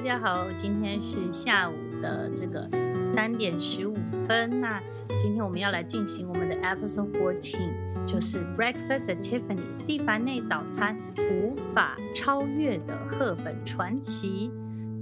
大家好，今天是下午的這個三點十五分。那今天我們要來進行我們的 Episode Fourteen，就是 Breakfast at Tiffany's，第凡內早餐無法超越的赫本傳奇。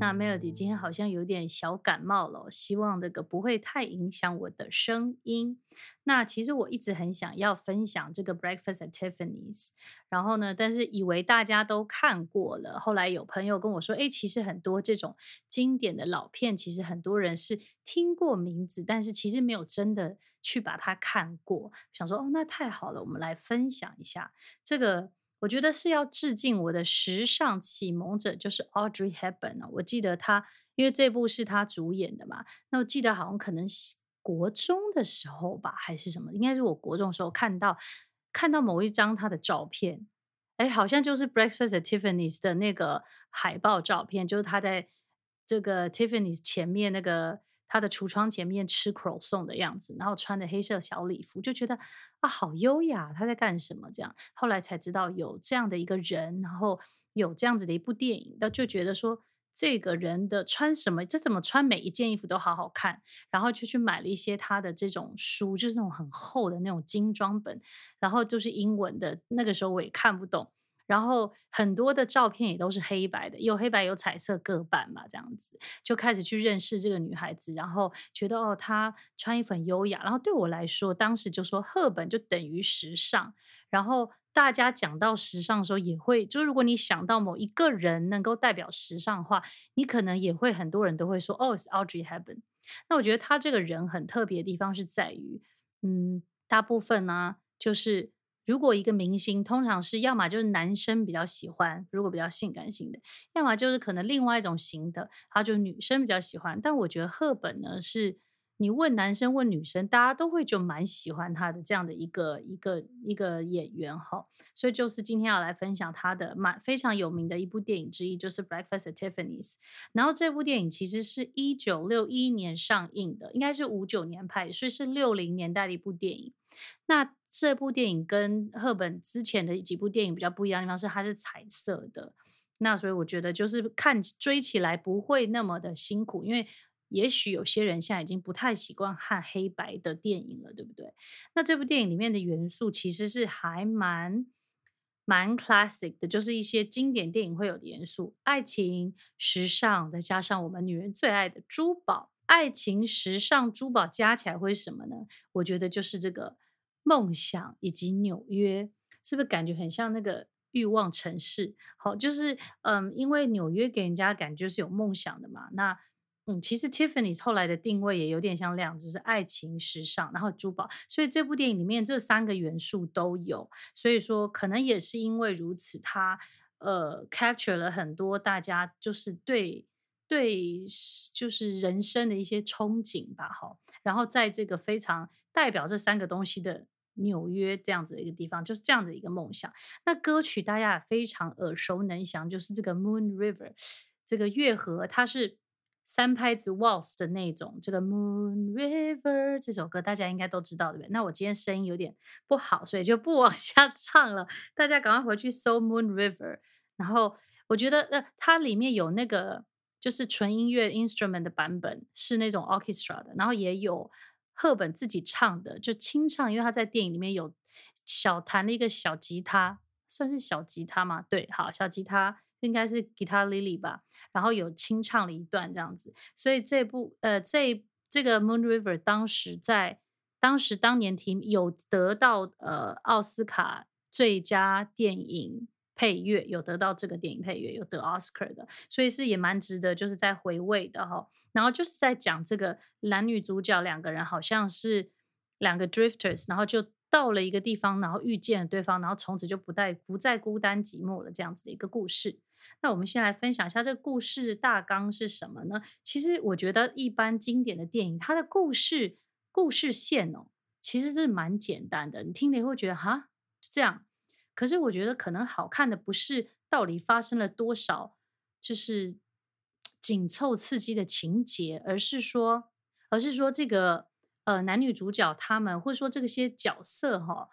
那 Melody 今天好像有點小感冒了哦，希望這個不會太影響我的聲音。那其實我一直很想要分享這個《Breakfast at Tiffany's》，然後呢，但是以為大家都看過了。後來有朋友跟我說：“哎，其實很多這種經典的老片，其實很多人是聽過名字，但是其實沒有真的去把它看過。”想說哦，那太好了，我們來分享一下這個。我覺得是要致敬我的時尚啟蒙者，就是 Audrey Hepburn，哦，我記得他，因為這部是他主演的嘛，那我記得好像可能是國中的時候吧，還是什麼？應該是我國中的時候看到看到某一張他的照片，哎，好像就是《Breakfast at Tiffany's》的那個海報照片，就是他在這個 Tiffany's 前面那個。他的櫥窗前面吃 Croissant 的樣子，然後穿着黑色小禮服，就覺得啊，好優雅。他在幹什麼這樣，後來才知道有這樣的一個人，然後有這樣子的一部電影，那就覺得說，這個人的穿什麼，這怎麼穿每一件衣服都好好看，然後就去買了一些他的這種書，就是那種很厚的那種精裝本，然後就是英文的。那個時候我也看不懂。然後很多的照片也都是黑白的，有黑白有彩色各半嘛。這樣子就開始去認識這個女孩子，然後覺得哦，她穿衣服很優雅。然後對我來說，當時就說赫本就等於時尚。然後大家講到時尚的時候，也會就是如果你想到某一個人能夠代表時尚的話，你可能也會很多人都會說哦，是 Audrey Hepburn。那我覺得她這個人很特別的地方是在於，嗯，大部分呢、啊、就是。如果一個明星，通常是要麼就是男生比較喜歡，如果比較性感型的，要麼就是可能另外一種型的，然後就是女生比較喜歡。但我覺得赫本呢是。你問男生問女生，大家都會就蠻喜歡他的這樣的一個一個一個演員哈，所以就是今天要來分享他的蠻非常有名的一部電影之一，就是《Breakfast at Tiffany's》。然後這部電影其實是一九六一年上映的，應該是五九年拍，所以是六零年代的一部電影。那這部電影跟赫本之前的幾部電影比較不一樣的地方是它是彩色的，那所以我覺得就是看追起來不會那麼的辛苦，因為。也許有些人現在已經不太習慣看黑白的電影了，對不對？那這部電影裡面的元素其實是還蠻蠻 classic 的，就是一些經典電影會有的元素：愛情、時尚，再加上我們女人最愛的珠寶。愛情、時尚、珠寶加起來會是什麼呢？我覺得就是這個夢想以及紐約，是不是感覺很像那個欲望城市？好，就是嗯，因為紐約給人家感覺是有夢想的嘛，那。嗯，其實 Tiffany 後來的定位也有點像這樣，就是愛情、時尚，然後珠寶，所以這部電影裡面這三個元素都有。所以說，可能也是因為如此，它呃 capture 了很多大家就是對對就是人生的一些憧憬吧。哈，然後在這個非常代表這三個東西的紐約這樣子的一個地方，就是這樣的一個夢想。那歌曲大家非常耳熟能詳，就是這個 Moon River 這個月河，它是。三拍子 waltz 的那種，這個《Moon River》這首歌大家應該都知道，對不對？那我今天聲音有點不好，所以就不往下唱了。大家趕快回去搜《Moon River》，然後我覺得呃，它裡面有那個就是純音樂 instrument 的版本，是那種 orchestra 的，然後也有赫本自己唱的，就清唱，因為它在電影裡面有小彈了一個小吉他，算是小吉他嘛？對，好，小吉他。應該是 Guitar Lily 吧，然後有清唱了一段這樣子，所以這部呃，這這個 Moon River 當時在當時當年提名有得到呃奧斯卡最佳電影配樂，有得到這個電影配樂有得 Oscar 的，所以是也蠻值得就是在回味的哈、哦。然後就是在講這個男女主角兩個人好像是兩個 drifters，然後就到了一個地方，然後遇見了對方，然後從此就不帶不再孤單寂寞了這樣子的一個故事。那我們先來分享一下這個故事的大綱是什麼呢？其實我覺得一般經典的電影，它的故事故事線哦，其實是蠻簡單的，你聽了也會覺得哈，就這樣。可是我覺得可能好看的不是到底發生了多少，就是緊湊刺激的情節，而是說，而是說這個呃男女主角他們，或者說這些角色哈、哦。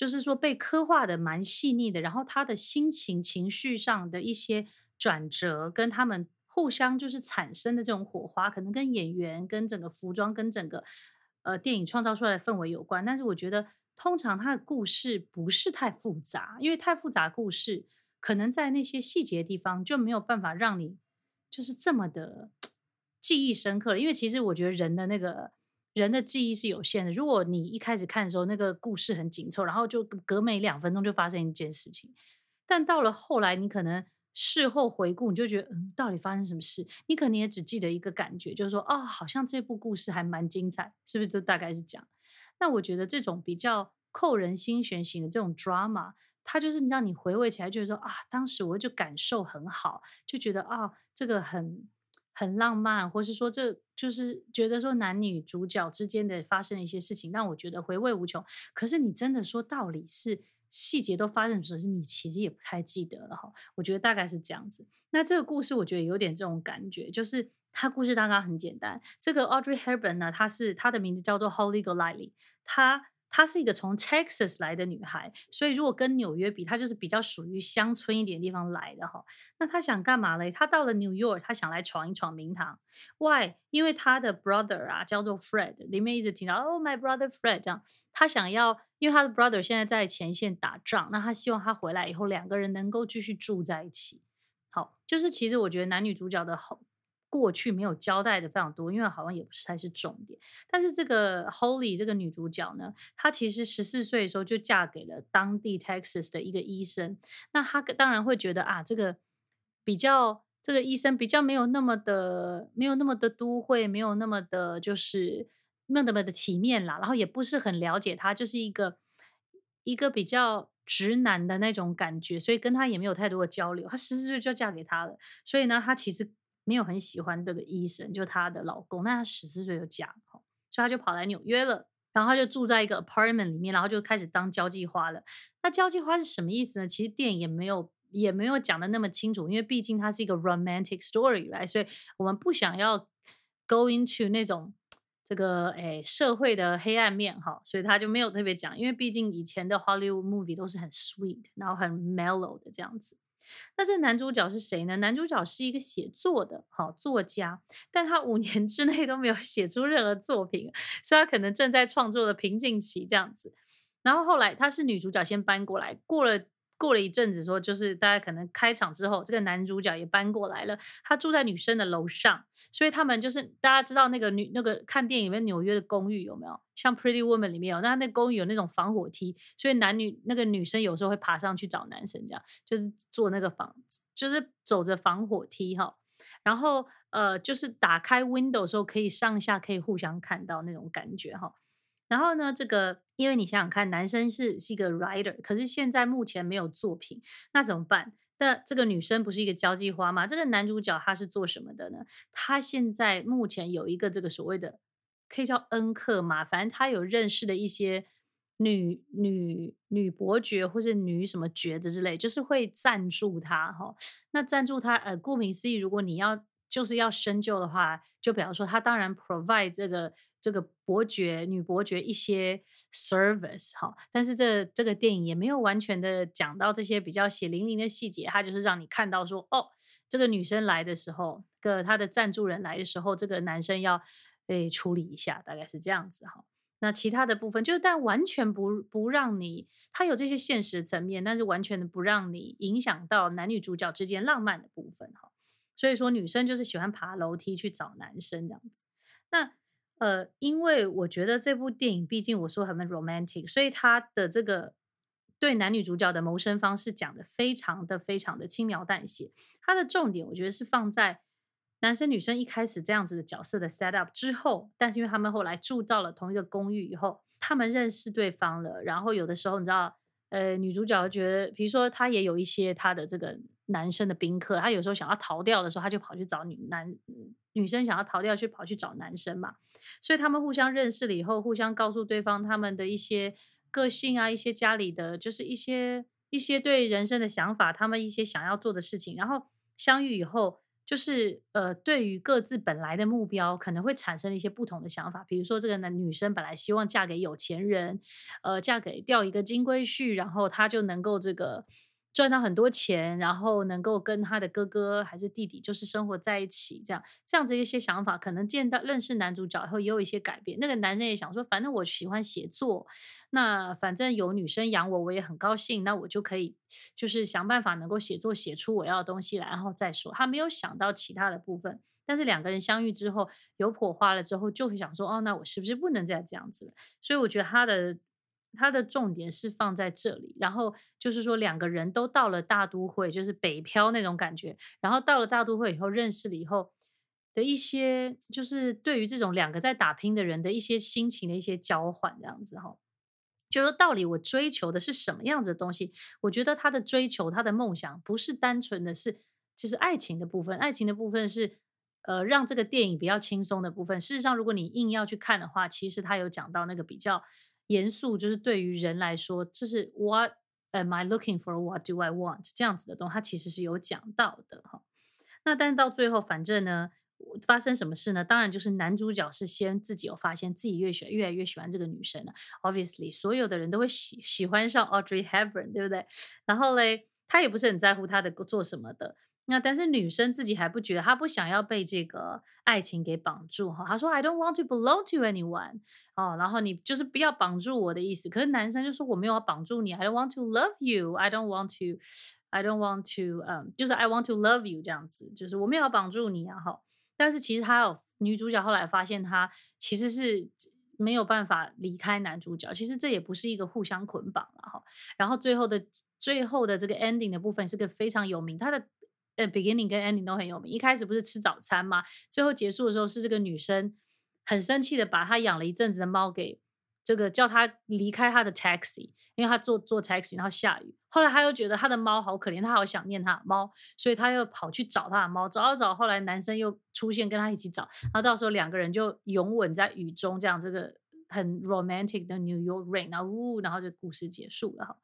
就是說被刻畫的蠻細膩的，然後他的心情、情緒上的一些轉折，跟他們互相就是產生的這種火花，可能跟演員、跟整個服裝、跟整個呃電影創造出來的氛圍有關。但是我覺得，通常他的故事不是太複雜，因為太複雜故事，可能在那些細節的地方就沒有辦法讓你就是這麼的記憶深刻。因為其實我覺得人的那個。人的記憶是有限的。如果你一開始看的時候，那個故事很緊湊，然後就隔沒兩分鐘就發生一件事情，但到了後來，你可能事後回顧，你就覺得嗯，到底發生什麼事？你可能也只記得一個感覺，就是說，哦，好像這部故事還蠻精彩，是不是？就大概是這樣。那我覺得這種比較扣人心弦型的這種 drama，它就是讓你回味起來，就是說啊，當時我就感受很好，就覺得啊，這個很。很浪漫，或是說這就是覺得說男女主角之間的發生的一些事情，讓我覺得回味無窮。可是你真的說道理是細節都發生的時候，是你其實也不太記得了哈。我覺得大概是這樣子。那這個故事我覺得有點這種感覺，就是它故事大概很簡單。這個 Audrey Hepburn 呢，她是她的名字叫做 Holly Golightly，她是一個從 Texas 來的女孩，所以如果跟紐約比，她就是比較屬於鄉村一點地方來的哈。那她想幹嘛呢？她到了 New York，她想來闖一闖名堂。Why？因為她的 brother 啊，叫做 Fred，裡面一直聽到 “Oh my brother Fred” 這樣。她想要，因為她的 brother 現在在前線打仗，那她希望他回來以後，兩個人能夠繼續住在一起。好，就是其實我覺得男女主角的好。過去沒有交代的非常多，因為好像也不是太是重點。但是這個 Holly 這個女主角呢，她其實十四歲的時候就嫁給了當地 Texas 的一個醫生。那她當然會覺得啊，這個比較這個醫生比較沒有那麼的沒有那麼的都會沒有那麼的就是沒有那麼的體面啦，然後也不是很了解他，就是一個一個比較直男的那種感覺，所以跟他也沒有太多的交流。他十四歲就嫁給他了，所以呢，他其實。沒有很喜歡這個醫生，就她的老公，那她十四歲就嫁了，所以她就跑來紐約了，然後她就住在一個 apartment 裡面，然後就開始當交際花了。那交際花是什麼意思呢？其實電影也沒有也沒有講得那麼清楚，因為畢竟它是一個 romantic story 來、right?，所以我們不想要 going to 那種這個誒、哎、社會的黑暗面哈，所以她就沒有特別講，因為畢竟以前的 Hollywood movie 都是很 sweet，然後很 mellow 的這樣子。那這男主角是誰呢？男主角是一個寫作的，好、哦、作家，但他五年之內都沒有寫出任何作品，所以他可能正在創作的瓶頸期這樣子。然後後來他是女主角先搬過來，過了。過了一陣子，說就是大家可能開場之後，這個男主角也搬過來了，他住在女生的樓上，所以他們就是大家知道那個女那個看電影裡面紐約的公寓有沒有？像 Pretty Woman 裡面有，那那個公寓有那種防火梯，所以男女那個女生有時候會爬上去找男生，這樣就是坐那個房，就是走着防火梯哈，然後呃就是打開 window 的時候可以上下可以互相看到那種感覺哈。然後呢，這個，因為你想想看，男生是是一個 writer，可是現在目前沒有作品，那怎麼辦？那這個女生不是一個交際花嗎？這個男主角他是做什麼的呢？他現在目前有一個這個所謂的，可以叫恩客嘛，反正他有認識的一些女女女伯爵或是女什麼爵子之類，就是會贊助他哈、哦。那贊助他，呃，顧名思義，如果你要。就是要深究的話，就比方說，他當然 provide 這個這個伯爵、女伯爵一些 service 哈，但是這這個電影也沒有完全的講到這些比較血淋淋的細節，他就是讓你看到說，哦，這個女生來的時候，個她的贊助人來的時候，這個男生要被、哎、處理一下，大概是這樣子哈。那其他的部分就是，但完全不不讓你，他有這些現實層面，但是完全的不讓你影響到男女主角之間浪漫的部分哈。所以說，女生就是喜歡爬樓梯去找男生這樣子。那呃，因為我覺得這部電影，畢竟我說很 romantic，所以它的這個對男女主角的謀生方式講的非常的非常的輕描淡寫。它的重點，我覺得是放在男生女生一開始這樣子的角色的 set up 之後，但是因為他們後來住到了同一個公寓以後，他們認識對方了。然後有的時候，你知道，呃，女主角覺得，比如說，她也有一些她的這個。男生的賓客，他有時候想要逃掉的時候，他就跑去找女男女生想要逃掉，去跑去找男生嘛。所以他們互相認識了以後，互相告訴對方他們的一些個性啊，一些家裡的，就是一些一些對人生的想法，他們一些想要做的事情。然後相遇以後，就是呃，對於各自本來的目標，可能會產生一些不同的想法。比如說，這個男女生本來希望嫁給有錢人，呃，嫁給掉一個金龜婿，然後他就能夠這個。賺到很多錢，然後能夠跟他的哥哥還是弟弟，就是生活在一起，這樣這樣子一些想法，可能見到認識男主角後也有一些改變。那個男生也想說，反正我喜歡寫作，那反正有女生養我，我也很高興，那我就可以就是想辦法能夠寫作，寫出我要的東西來，然後再說。他沒有想到其他的部分，但是兩個人相遇之後有火花了之後，就會想說，哦，那我是不是不能再這樣子了？所以我覺得他的。他的重點是放在這裡，然後就是說兩個人都到了大都會，就是北漂那種感覺。然後到了大都會以後，認識了以後的一些，就是對於這種兩個在打拼的人的一些心情的一些交換，這樣子哈。就說到底，我追求的是什麼樣子的東西？我覺得他的追求，他的夢想不是單純的是，就是愛情的部分，愛情的部分是呃讓這個電影比較輕鬆的部分。事實上，如果你硬要去看的話，其實他有講到那個比較。嚴肅，就是對於人來說，這是 What am I looking for? What do I want? 這樣子的東西，它其實是有講到的哈。那但到最後，反正呢，發生什麼事呢？當然就是男主角是先自己有發現自己越喜歡，越來越喜歡這個女生了。Obviously，所有的人都會喜喜歡上 Audrey Hepburn，對不對？然後嘞，他也不是很在乎他的做什麼的。那但是女生自己還不覺得，她不想要被這個愛情給綁住哈。她說 "I don't want to belong to anyone" 哦，然後你就是不要綁住我的意思。可是男生就說，我沒有要綁住你，I don't want to love you, I don't want to, I don't want to，嗯，就是 I want to love you 這樣子，就是我沒有要綁住你啊哈。但是其實她有女主角後來發現她其實是沒有辦法離開男主角，其實這也不是一個互相捆綁了哈。然後最後的最後的這個 ending 的部分是個非常有名，他的。Beginning 跟 Ending 都很有名。一開始不是吃早餐嗎？最後結束的時候是這個女生很生氣的把她養了一陣子的貓給這個叫她離開她的 Taxi，因為她坐坐 Taxi 然後下雨。後來她又覺得她的貓好可憐，她好想念她的貓，所以她又跑去找她的貓，找啊找。後來男生又出現跟她一起找，然後到時候兩個人就擁吻在雨中，這樣這個很 romantic 的 New York Rain 然。然後嗚，然後這故事結束了。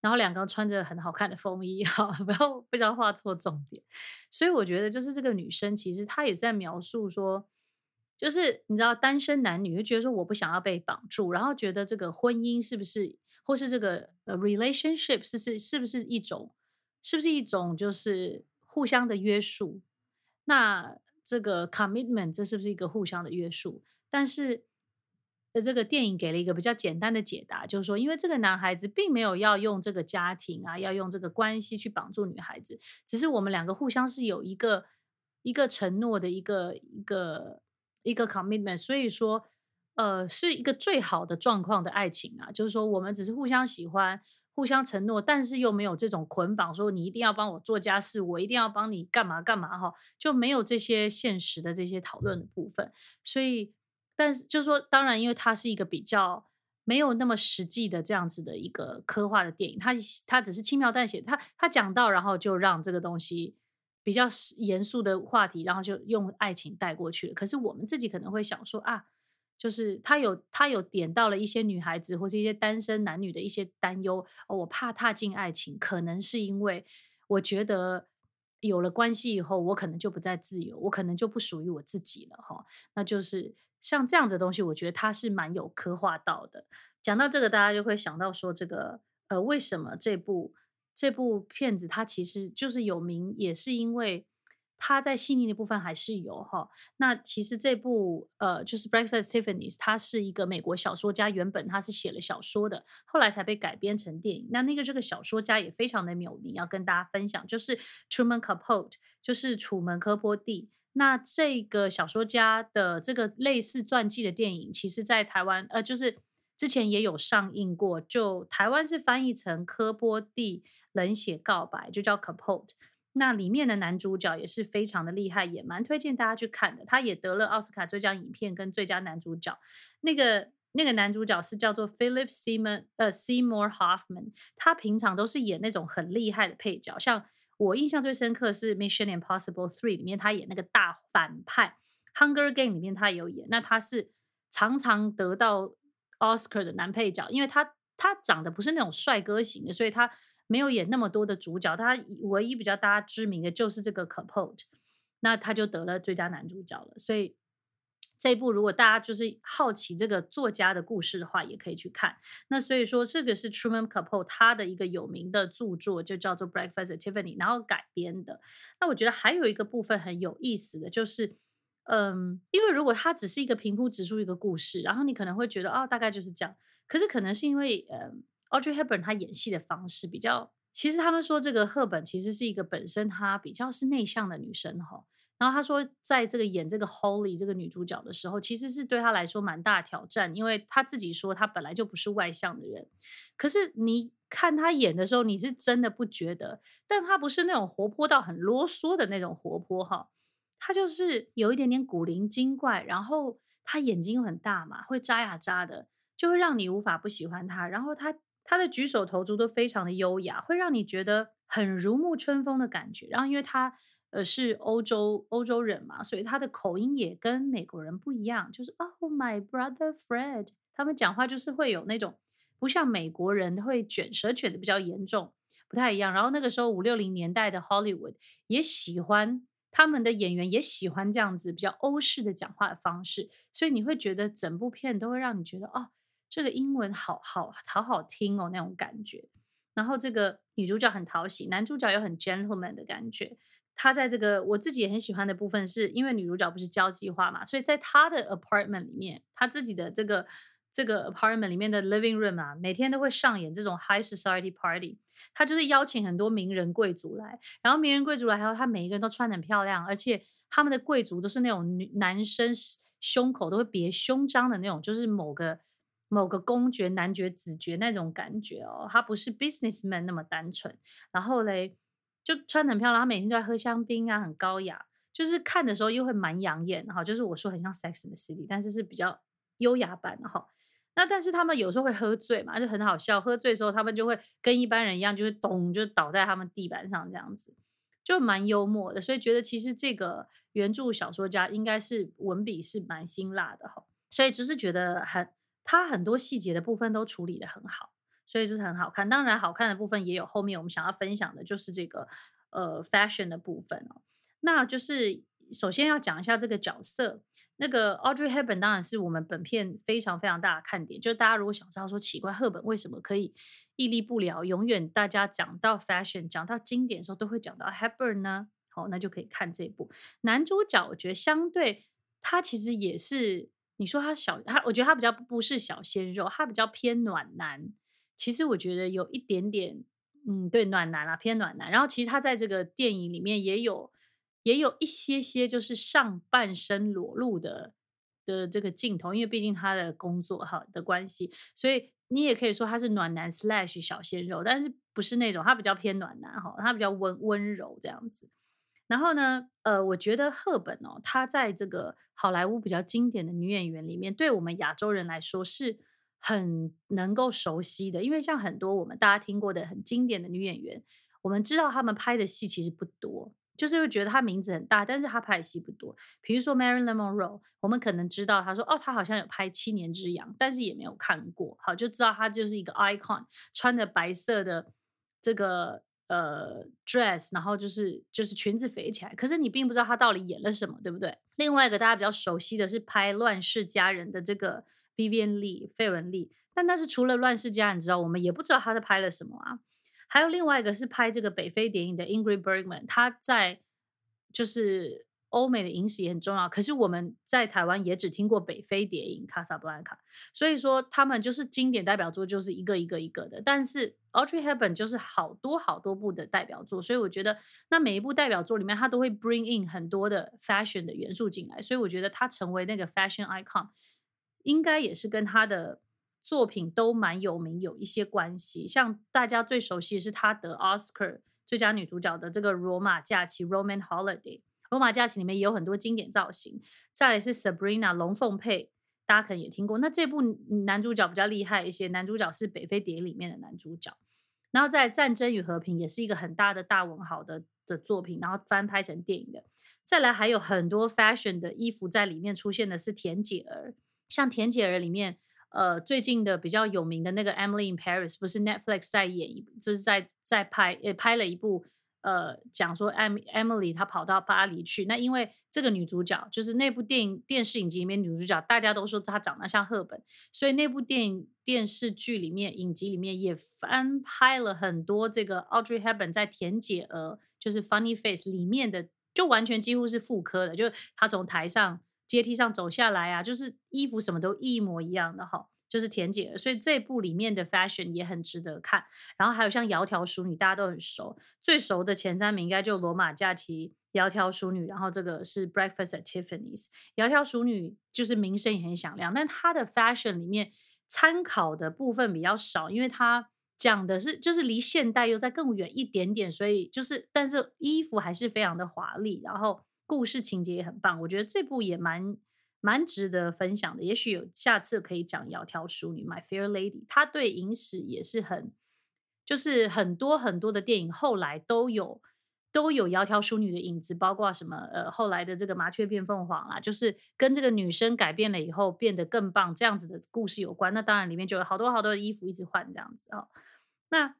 然後兩個穿着很好看的風衣，哈，然後不要不知道畫錯重點。所以我覺得，就是這個女生其實她也在描述說，就是你知道單身男女就覺得說我不想要被綁住，然後覺得這個婚姻，是不是，或是這個呃 relationship 是是是不是一種，是不是一種就是互相的約束？那這個 commitment 這是不是一個互相的約束？但是。這個電影給了一個比較簡單的解答，就是說，因為這個男孩子並沒有要用這個家庭啊，要用這個關係去綁住女孩子，只是我們兩個互相是有一個一個承諾的一個一個一個 commitment，所以說，呃，是一個最好的狀況的愛情啊，就是說，我們只是互相喜歡、互相承諾，但是又沒有這種捆綁，說你一定要幫我做家事，我一定要幫你幹嘛幹嘛，哈、哦，就沒有這些現實的這些討論的部分，所以。但是，就是說，當然，因為它是一個比較沒有那麼實際的這樣子的一個科幻的電影，他他只是輕描淡寫，他他講到，然後就讓這個東西比較嚴肅的話題，然後就用愛情帶過去了。可是我們自己可能會想說啊，就是他有他有點到了一些女孩子或者一些單身男女的一些擔憂，哦，我怕踏進愛情，可能是因為我覺得有了關係以後，我可能就不再自由，我可能就不屬於我自己了，哈，那就是。像這樣子的東西，我覺得它是蠻有刻畫到的。講到這個，大家就會想到說，這個呃，為什麼這部這部片子它其實就是有名，也是因為它在細膩的部分還是有哈。那其實這部呃，就是《Breakfast at Tiffany's》，它是一個美國小說家，原本他是寫了小說的，後來才被改編成電影。那那個這個小說家也非常的有名，要跟大家分享，就是 Truman Capote，就是楚門科波蒂。那這個小說家的這個類似傳記的電影，其實，在台灣呃，就是之前也有上映過。就台灣是翻譯成《科波蒂冷血告白》，就叫《Capote》。那裡面的男主角也是非常的厲害，也蠻推薦大家去看的。他也得了奧斯卡最佳影片跟最佳男主角。那個那個男主角是叫做 Philip Seymour 呃 Seymour Hoffman，他平常都是演那種很厲害的配角，像。我印象最深刻是《Mission Impossible Three》裡面他演那個大反派，《Hunger Game》裡面他也有演。那他是常常得到 Oscar 的男配角，因為他他長得不是那種帥哥型的，所以他沒有演那麼多的主角。他唯一比較大家知名的，就是這個 Capote，那他就得了最佳男主角了。所以。這一部如果大家就是好奇這個作家的故事的話，也可以去看。那所以說，這個是 Truman Capote 他的一個有名的著作，就叫做《Breakfast at Tiffany》，然後改編的。那我覺得還有一個部分很有意思的就是，嗯，因為如果它只是一個平鋪直敘一個故事，然後你可能會覺得哦，大概就是這樣。可是可能是因為，嗯，Audrey Hepburn 她演戲的方式比較，其實他們說這個赫本其實是一個本身她比較是內向的女生，哈。然後他說，在這個演這個 Holly 這個女主角的時候，其實是對她來說蠻大挑戰，因為她自己說她本來就不是外向的人。可是你看她演的時候，你是真的不覺得。但她不是那種活潑到很囉嗦的那種活潑哈，她就是有一點點古靈精怪，然後她眼睛很大嘛，會眨呀眨的，就會讓你無法不喜歡她。然後她她的舉手投足都非常的優雅，會讓你覺得很如沐春風的感覺。然後因為她。呃，而是歐洲歐洲人嘛，所以他的口音也跟美國人不一樣，就是 Oh my brother Fred，他們講話就是會有那種不像美國人會捲舌捲的比較嚴重，不太一樣。然後那個時候五六零年代的 Hollywood 也喜歡他們的演員，也喜歡這樣子比較歐式的講話的方式，所以你會覺得整部片都會讓你覺得哦，這個英文好好好好聽哦，那種感覺。然後這個女主角很討喜，男主角又很 gentleman 的感覺。他在這個我自己也很喜歡的部分是，是因為女主角不是交際花嘛，所以在他的 apartment 裡面，他自己的這個這個 apartment 裡面的 living room 啊，每天都會上演這種 high society party。他就是邀請很多名人貴族來，然後名人貴族來後，還有他每一個人都穿得很漂亮，而且他們的貴族都是那種男生胸口都會別胸章的那種，就是某個某個公爵、男爵、子爵那種感覺哦。他不是 businessman 那麼單純，然後嘞。就穿很漂亮，他每天都在喝香檳啊，很高雅。就是看的時候又會蠻養眼的，哈，就是我說很像 Sex and the City 但是是比較優雅版的，哈。那但是他們有時候會喝醉嘛，就很好笑。喝醉的時候他們就會跟一般人一樣，就會咚，就倒在他們地板上這樣子，就蠻幽默的。所以覺得其實這個原著小說家應該是文筆是蠻辛辣的，哈。所以只是覺得很，他很多細節的部分都處理的很好。所以就是很好看，當然好看的部分也有。後面我們想要分享的就是這個呃，fashion 的部分哦。那就是首先要講一下這個角色，那個 Audrey Hepburn 當然是我們本片非常非常大的看點。就是大家如果想知道說，奇怪，赫本為什麼可以屹立不搖，永遠大家講到 fashion、講到經典的時候都會講到 Hepburn 呢？好，那就可以看這一部。男主角，我覺得相對他其實也是，你說他小，他我覺得他比較不是小鮮肉，他比較偏暖男。其實我覺得有一點點，嗯，對，暖男啊，偏暖男。然後其實他在這個電影裡面也有，也有一些些就是上半身裸露的的這個鏡頭，因為畢竟他的工作哈的關係，所以你也可以說他是暖男 slash 小鮮肉，但是不是那種，他比較偏暖男哈，他比較溫溫柔這樣子。然後呢，呃，我覺得赫本哦，他在這個好萊塢比較經典的女演員裡面，對我們亞洲人來說是。很能夠熟悉的，因為像很多我們大家聽過的很經典的女演員，我們知道她們拍的戲其實不多，就是會覺得她名字很大，但是她拍的戲不多。比如說 Marilyn Monroe，我們可能知道她說哦，她好像有拍《七年之癢》，但是也沒有看過，好就知道她就是一個 icon，穿着白色的這個呃 dress，然後就是就是裙子飛起來，可是你並不知道她到底演了什麼，對不對？另外一個大家比較熟悉的是拍《亂世佳人》的這個。Vivian Lee 費雯麗費雯麗，但那是除了《亂世佳人》你知道，我們也不知道他在拍了什麼啊。還有另外一個是拍這個北非諜影的 Ingrid Bergman，他在就是歐美的影史也很重要。可是我們在台灣也只聽過北非諜影《卡薩布蘭卡》，所以說他們就是經典代表作就是一個一個一個的。但是 Audrey Hepburn 就是好多好多部的代表作，所以我覺得那每一部代表作裡面，他都會 bring in 很多的 fashion 的元素進來，所以我覺得他成為那個 fashion icon。應該也是跟他的作品都蠻有名有一些關係，像大家最熟悉的是他得奧斯卡最佳女主角的這個《羅馬假期》（Roman Holiday）。《羅馬假期》裡面也有很多經典造型。再來是 Sabrina 龍鳳配，大家可能也聽過。那這部男主角比較厲害一些，男主角是《北非諜影》裡面的男主角。然後在《戰爭與和平》也是一個很大的大文豪的的作品，然後翻拍成電影的。再來還有很多 fashion 的衣服在裡面出現的是甜姐兒。像《甜姐兒》裡面，呃，最近的比較有名的那個《Emily in Paris》，不是 Netflix 在演，就是在在拍，也拍了一部，呃，講說 Em Emily 她跑到巴黎去。那因為這個女主角，就是那部電影、電視影集裡面女主角，大家都說她長得像赫本，所以那部電影、電視劇裡面影集裡面也翻拍了很多這個 Audrey Hepburn 在《甜姐兒》就是 Funny Face 裡面的，就完全幾乎是復刻的，就是她從台上，階梯上走下來啊，就是衣服什麼都一模一樣的哈，就是甜姐了，所以這部裡面的 fashion 也很值得看。然後還有像《窈窕淑女》，大家都很熟，最熟的前三名應該就《羅馬假期》《窈窕淑女》，然後這個是《Breakfast at Tiffany's》。《窈窕淑女》就是名聲也很響亮，但她的 fashion 裡面參考的部分比較少，因為她講的是就是離現代又再更遠一點點，所以就是但是衣服還是非常的華麗，然後。故事情節也很棒，我覺得這部也蠻蠻值得分享的。也許有下次可以講《窈窕淑女》（My Fair Lady），它對影史也是很，就是很多很多的電影後來都有都有《窈窕淑女》的影子，包括什麼呃後來的這個《麻雀變鳳凰》啊，就是跟這個女生改變了以後變得更棒這樣子的故事有關。那當然裡面就有好多好多的衣服一直換這樣子啊、哦，那。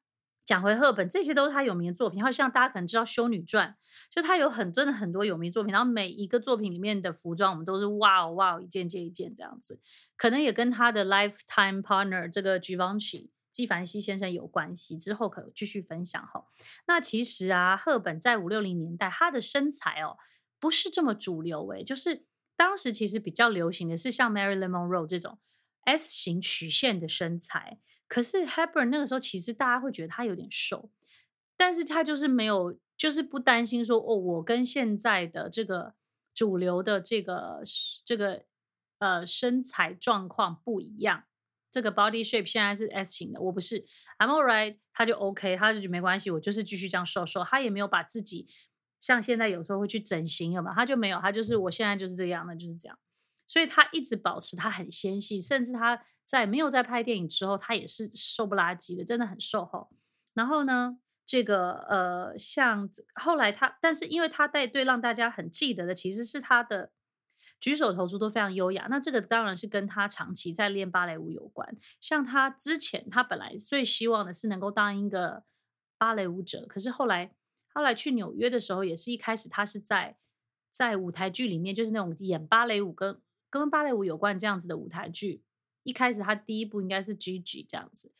講回赫本，這些都是她有名的作品。然後像大家可能知道《修女傳》，就她有很多的很多有名作品。然後每一個作品裡面的服裝，我們都是哇哦哇哦一件接一件這樣子。可能也跟她的 lifetime partner 這個 Givenchy 奇紀梵希先生有關係。之後可繼續分享哈。那其實啊，赫本在五六零年代她的身材哦不是這麼主流誒、哎，就是當時其實比較流行的是像 Marilyn Monroe 這種 S 型曲線的身材。可是 Hepburn 那個時候，其實大家會覺得他有點瘦，但是他就是沒有，就是不擔心說，哦，我跟現在的這個主流的這個這個呃身材狀況不一樣，這個 body shape 現在是 S 型的，我不是，I'm alright，他就 OK，他就沒關係，我就是繼續這樣瘦瘦，他也沒有把自己像現在有時候會去整形，有嘛，他就沒有，他就是我現在就是這樣的，就是這樣。所以他一直保持他很纖細，甚至他在沒有在拍電影之後，他也是瘦不拉幾的，真的很瘦吼。然後呢，這個呃，像後來他，但是因為他帶隊讓大家很記得的，其實是他的舉手投足都非常優雅。那這個當然是跟他長期在練芭蕾舞有關。像他之前，他本來最希望的是能夠當一個芭蕾舞者，可是後來後來去紐約的時候，也是一開始他是在在舞台劇裡面，就是那種演芭蕾舞跟。跟芭蕾舞有關這樣子的舞台劇，一開始他第一部應該是 Gigi 這樣子，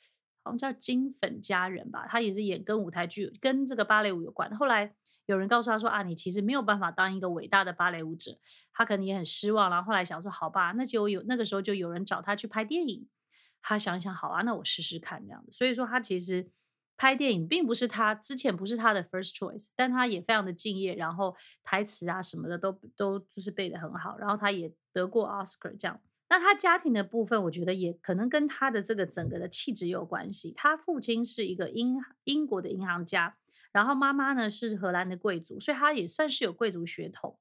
我們叫金粉佳人吧，他也是演跟舞台劇、跟這個芭蕾舞有關。後來有人告訴他說：“啊，你其實沒有辦法當一個偉大的芭蕾舞者。”他可能也很失望，然後後來想說：“好吧，那就有那個時候就有人找他去拍電影。”他想一想：“好啊，那我試試看這樣子。”所以說他其實。拍電影並不是他之前，不是他的 first choice，但他也非常的敬業，然後台詞啊什麼的都都就是背得很好，然後他也得過 Oscar，這樣。那他家庭的部分，我覺得也可能跟他的這個整個的氣質有關係。他父親是一個英英國的銀行家，然後媽媽呢是荷蘭的貴族，所以他也算是有貴族血統。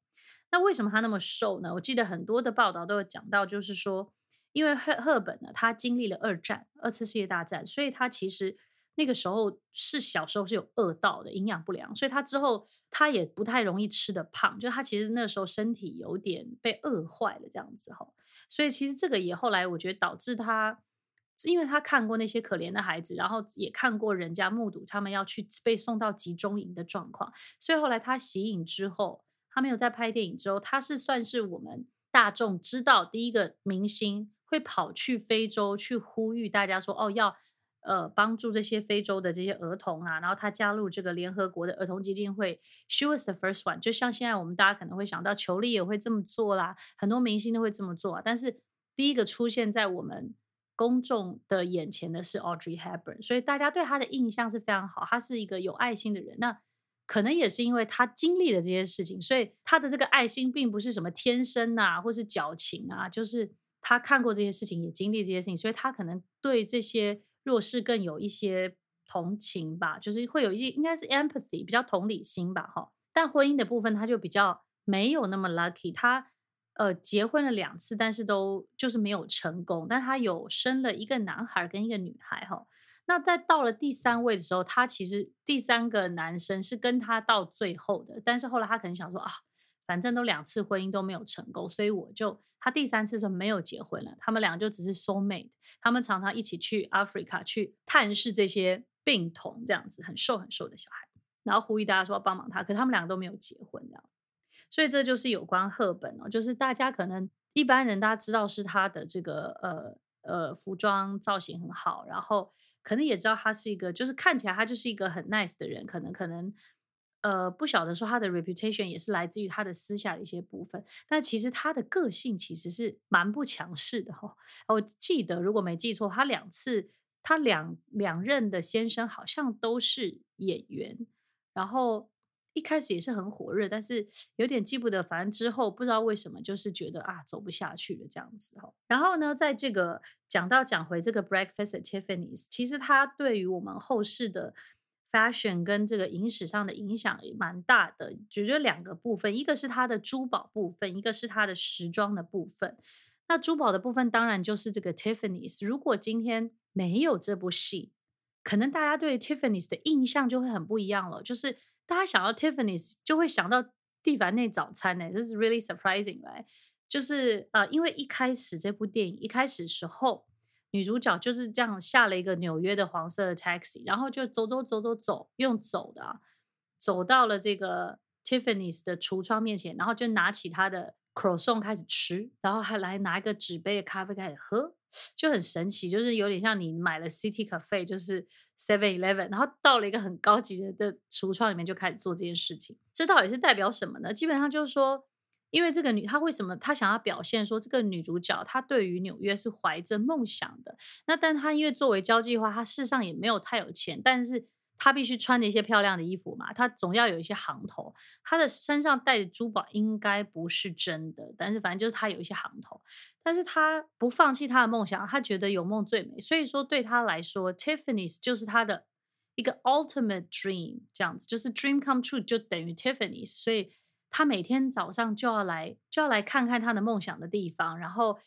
那為什麼他那麼瘦呢？我記得很多的報道都有講到，就是說因為赫赫本呢，他經歷了二戰、二次世界大戰，所以他其實。那個時候是小時候是有餓到的，營養不良，所以他之後他也不太容易吃得胖，就他其實那時候身體有點被餓壞了這樣子哈，所以其實這個也後來我覺得導致他是因為他看過那些可憐的孩子，然後也看過人家目睹他們要去被送到集中營的狀況，所以後來他息影之後，他沒有在拍電影之後，他是算是我們大眾知道第一個明星會跑去非洲去呼籲大家說哦要。呃，幫助這些非洲的這些兒童啊，然後他加入這個聯合國的兒童基金會。She was the first one，就像現在我們大家可能會想到，裘莉也會這麼做啦，很多明星都會這麼做啊。但是第一個出現在我們公眾的眼前的是 Audrey Hepburn，所以大家對他的印象是非常好。他是一個有愛心的人，那可能也是因為他經歷了這些事情，所以他的這個愛心並不是什麼天生啊，或是矯情啊，就是他看過這些事情，也經歷這些事情，所以他可能對這些。弱勢更有一些同情吧，就是會有一些，應該是 empathy，比較同理心吧，哈。但婚姻的部分，他就比較沒有那麼 lucky。他呃結婚了兩次，但是都就是沒有成功。但他有生了一個男孩跟一個女孩，哈。那在到了第三位的時候，他其實第三個男生是跟他到最後的，但是後來他可能想說啊。反正都兩次婚姻都沒有成功，所以我就他第三次是沒有結婚了，他們兩個就只是 soul mate，他們常常一起去 Africa 去探視這些病童，這樣子很瘦很瘦的小孩，然後呼籲大家說要幫忙他，可是他們兩個都沒有結婚了，這樣。所以這就是有關赫本哦，就是大家可能一般人大家知道是他的這個呃呃服裝造型很好，然後可能也知道他是一個就是看起來他就是一個很 nice 的人，可能可能。呃，不曉得說他的 reputation 也是來自於他的私下的一些部分，但其實他的個性其實是蠻不強勢的哈、哦。我記得如果沒記錯，他兩次他兩兩任的先生好像都是演員，然後一開始也是很火熱，但是有點記不得，反正之後不知道為什麼就是覺得啊走不下去了這樣子、哦、然後呢，在這個講到講回這個 Breakfast at Tiffany's，其實他對於我們後世的。Fashion 跟這個影史上的影響也蠻大的，就覺得兩個部分，一個是它的珠寶部分，一個是它的時裝的部分。那珠寶的部分當然就是這個 Tiffany's。如果今天沒有這部戲，可能大家對 Tiffany's 的印象就會很不一樣了。就是大家想到 Tiffany's，就會想到第凡內早餐呢，This is really surprising, right？就是、呃、因為一開始這部電影一開始時候。女主角就是這樣下了一個紐約的黃色的 taxi，然後就走走走走走，用走的啊，走到了這個 Tiffany's 的櫥窗面前，然後就拿起她的 croissant 開始吃，然後還來拿一個紙杯的咖啡開始喝，就很神奇，就是有點像你買了 City Cafe，就是 Seven Eleven，然後到了一個很高級的櫥窗裡面就開始做這件事情，這到底是代表什麼呢？基本上就是說。因為這個女她為什麼她想要表現說這個女主角她對於紐約是懷着夢想的，那但她因為作為交際花，她事實上也沒有太有錢，但是她必須穿着一些漂亮的衣服嘛，她總要有一些行頭，她的身上帶着珠寶應該不是真的，但是反正就是她有一些行頭，但是她不放棄她的夢想，她覺得有夢最美，所以說對她來說，Tiffany's 就是她的一個 ultimate dream，這樣子就是 dream come true 就等於 Tiffany's，所以。他每天早上就要來，就要來看看他的夢想的地方。然後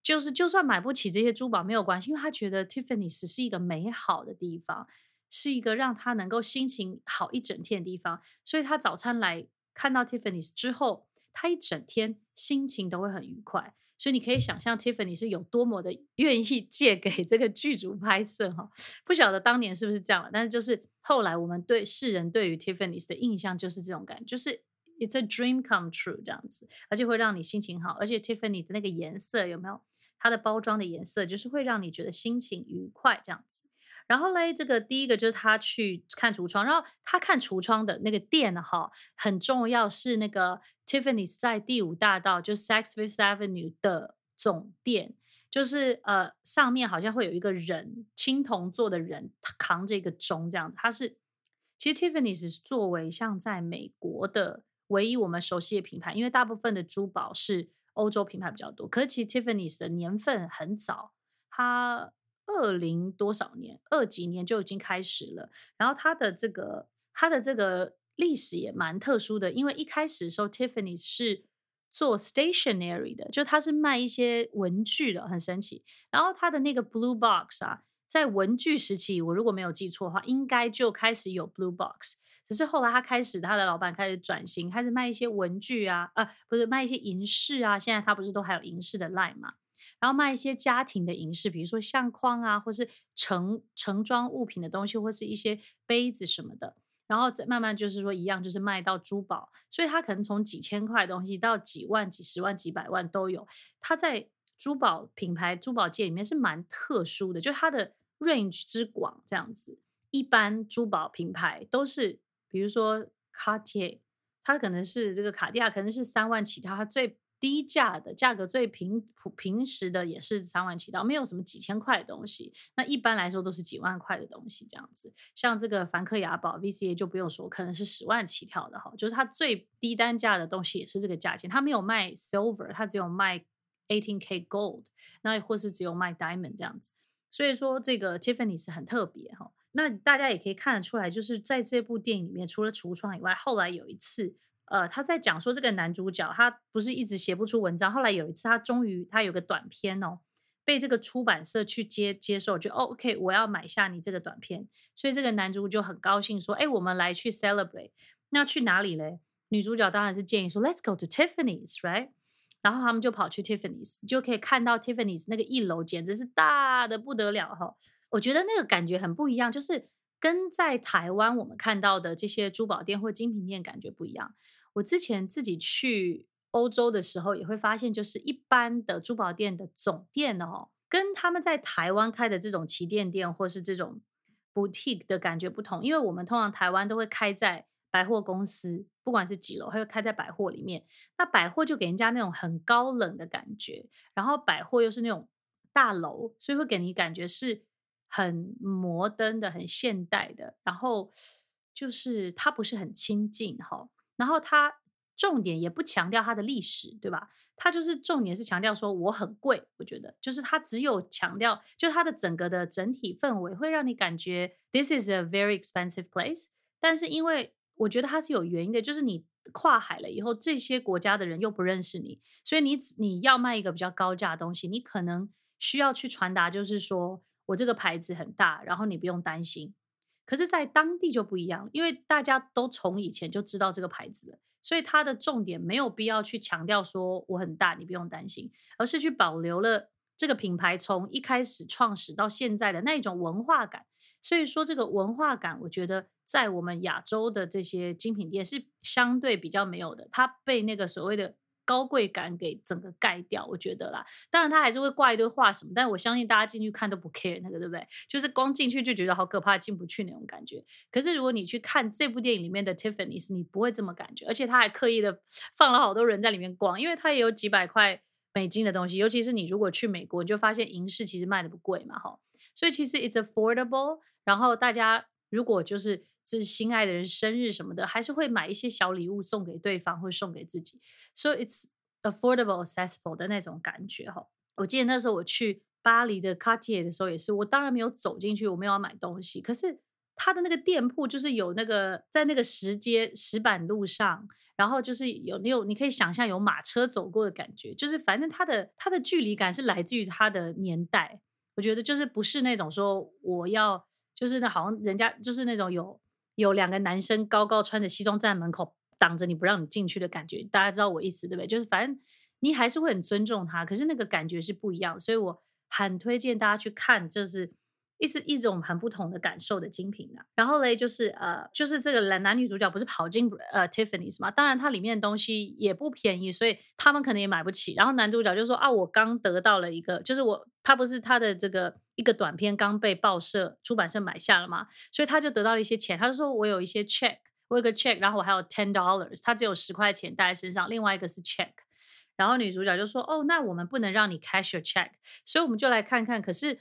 就是，就算買不起這些珠寶沒有關係，因為他覺得 Tiffany 是一個美好的地方，是一個讓他能夠心情好一整天的地方。所以他早餐來看到 Tiffany 之後，他一整天心情都會很愉快。所以你可以想象 Tiffany 是有多麼的願意借給這個劇組拍攝哈、哦。不曉得當年是不是這樣了，但是就是後來我們對世人對於 Tiffany 的印象就是這種感覺，就是。It's a dream come true 這樣子，而且會讓你心情好，而且 Tiffany 的那個顏色有沒有？它的包裝的顏色，就是會讓你覺得心情愉快這樣子。然後嘞，這個第一個就是他去看櫥窗，然後他看櫥窗的那個店哈、哦、很重要是那個 Tiffany 在第五大道，就是 Saks Fifth Avenue 的總店，就是呃上面好像會有一個人青銅做的人，他扛着一個鐘這樣子。它是其實 Tiffany 是作為像在美國的。唯一我們熟悉的品牌，因為大部分的珠寶是歐洲品牌比較多。可是，其實 Tiffany 的年份很早，它二零多少年，二幾年就已經開始了。然後，它的這個，它的這個歷史也蠻特殊的，因為一開始的時候，Tiffany 是做 stationery 的，就它是賣一些文具的，很神奇。然後，它的那個 Blue Box 啊，在文具時期，我如果沒有記錯的話，應該就開始有 Blue Box。只是後來他開始，他的老闆開始轉型，開始賣一些文具啊，呃，不是賣一些銀飾啊。現在他不是都還有銀飾的 line 嘛？然後賣一些家庭的銀飾，比如說相框啊，或是盛盛裝物品的東西，或是一些杯子什麼的。然後再慢慢就是說一樣，就是賣到珠寶，所以他可能從幾千塊東西到幾萬、幾十萬、幾百萬都有。他在珠寶品牌珠寶界裡面是蠻特殊的，就是他的 range 之廣這樣子。一般珠寶品牌都是。比如說卡地亞它可能是這個卡地亞可能是三萬起跳，它最低價的價格最平普平時的也是三萬起跳，沒有什麼幾千塊的東西。那一般來說都是幾萬塊的東西這樣子。像這個梵克雅寶 VCA 就不用說，可能是十萬起跳的哈，就是它最低單價的東西也是這個價錢。它沒有賣 silver，它只有賣 18k gold，那或是只有賣 diamond 這樣子。所以說這個 Tiffany 是很特別哈。那大家也可以看得出來，就是在這部電影裡面，除了櫥窗以外，後來有一次，呃，他在講說這個男主角他不是一直寫不出文章，後來有一次他終於他有個短片哦，被這個出版社去接接受，就、哦、OK，我要買下你這個短片，所以這個男主就很高興說，哎，我們來去 celebrate，那去哪裡嘞？女主角當然是建議說，Let's go to Tiffany's，right？然後他們就跑去 Tiffany's，就可以看到 Tiffany's 那個一樓簡直是大得不得了哈、哦。我覺得那個感覺很不一樣，就是跟在台灣我們看到的這些珠寶店或精品店感覺不一樣。我之前自己去歐洲的時候，也會發現，就是一般的珠寶店的總店哦，跟他們在台灣開的這種旗艦店或是這種 boutique 的感覺不同。因為我們通常台灣都會開在百貨公司，不管是幾樓，它會開在百貨裡面。那百貨就給人家那種很高冷的感覺，然後百貨又是那種大樓，所以會給你感覺是。很摩登的，很現代的，然後就是它不是很親近哈，然後它重點也不強調它的歷史，對吧？它就是重點是強調說我很貴，我覺得就是它只有強調，就它的整個的整體氛圍會讓你感覺 This is a very expensive place。但是因為我覺得它是有原因的，就是你跨海了以後，這些國家的人又不認識你，所以你你要賣一個比較高價的東西，你可能需要去傳達，就是說。我這個牌子很大，然後你不用擔心。可是，在當地就不一樣，因為大家都從以前就知道這個牌子了，所以它的重點沒有必要去強調說我很大，你不用擔心，而是去保留了這個品牌從一開始創始到現在的那一種文化感。所以說，這個文化感，我覺得在我們亞洲的這些精品店是相對比較沒有的，它被那個所謂的。高貴感給整個蓋掉，我覺得啦。當然，他還是會掛一堆話什麼，但我相信大家進去看都不 care 那個，對不對？就是光進去就覺得好可怕，進不去那種感覺。可是如果你去看這部電影裡面的 Tiffany's，你不會這麼感覺，而且他還刻意的放了好多人在裡面逛，因為他也有幾百塊美金的東西。尤其是你如果去美國，你就發現銀飾其實賣的不貴嘛，哈。所以其實 it's affordable。然後大家如果就是。是心愛的人生日什麼的，還是會買一些小禮物送給對方或送給自己，所以 it's affordable, accessible 的那種感覺哈。我記得那時候我去巴黎的 Cartier 的時候也是，我當然沒有走進去，我沒有要買東西，可是他的那個店鋪就是有那個在那個石階、石板路上，然後就是有你有，你可以想象有馬車走過的感覺，就是反正他的他的距離感是來自於他的年代。我覺得就是不是那種說我要就是那好像人家就是那種有。有兩個男生高高穿着西裝，站在門口，擋着你不讓你進去的感覺，大家知道我意思對不對？就是反正你還是會很尊重他，可是那個感覺是不一樣，所以我很推薦大家去看，就是。一是一種很不同的感受的精品啊。然後嘞，就是呃，就是這個男男女主角不是跑進呃 Tiffany's 嘛？當然，它裡面的東西也不便宜，所以他們可能也買不起。然後男主角就說啊，我剛得到了一個，就是我他不是他的這個一個短片剛被報社出版社買下了嘛？所以他就得到了一些錢，他就說我有一些 check，我有個 check，然後我還有 ten dollars，他只有十塊錢帶在身上，另外一個是 check。然後女主角就說哦，那我們不能讓你 cash your check，所以我們就來看看。可是。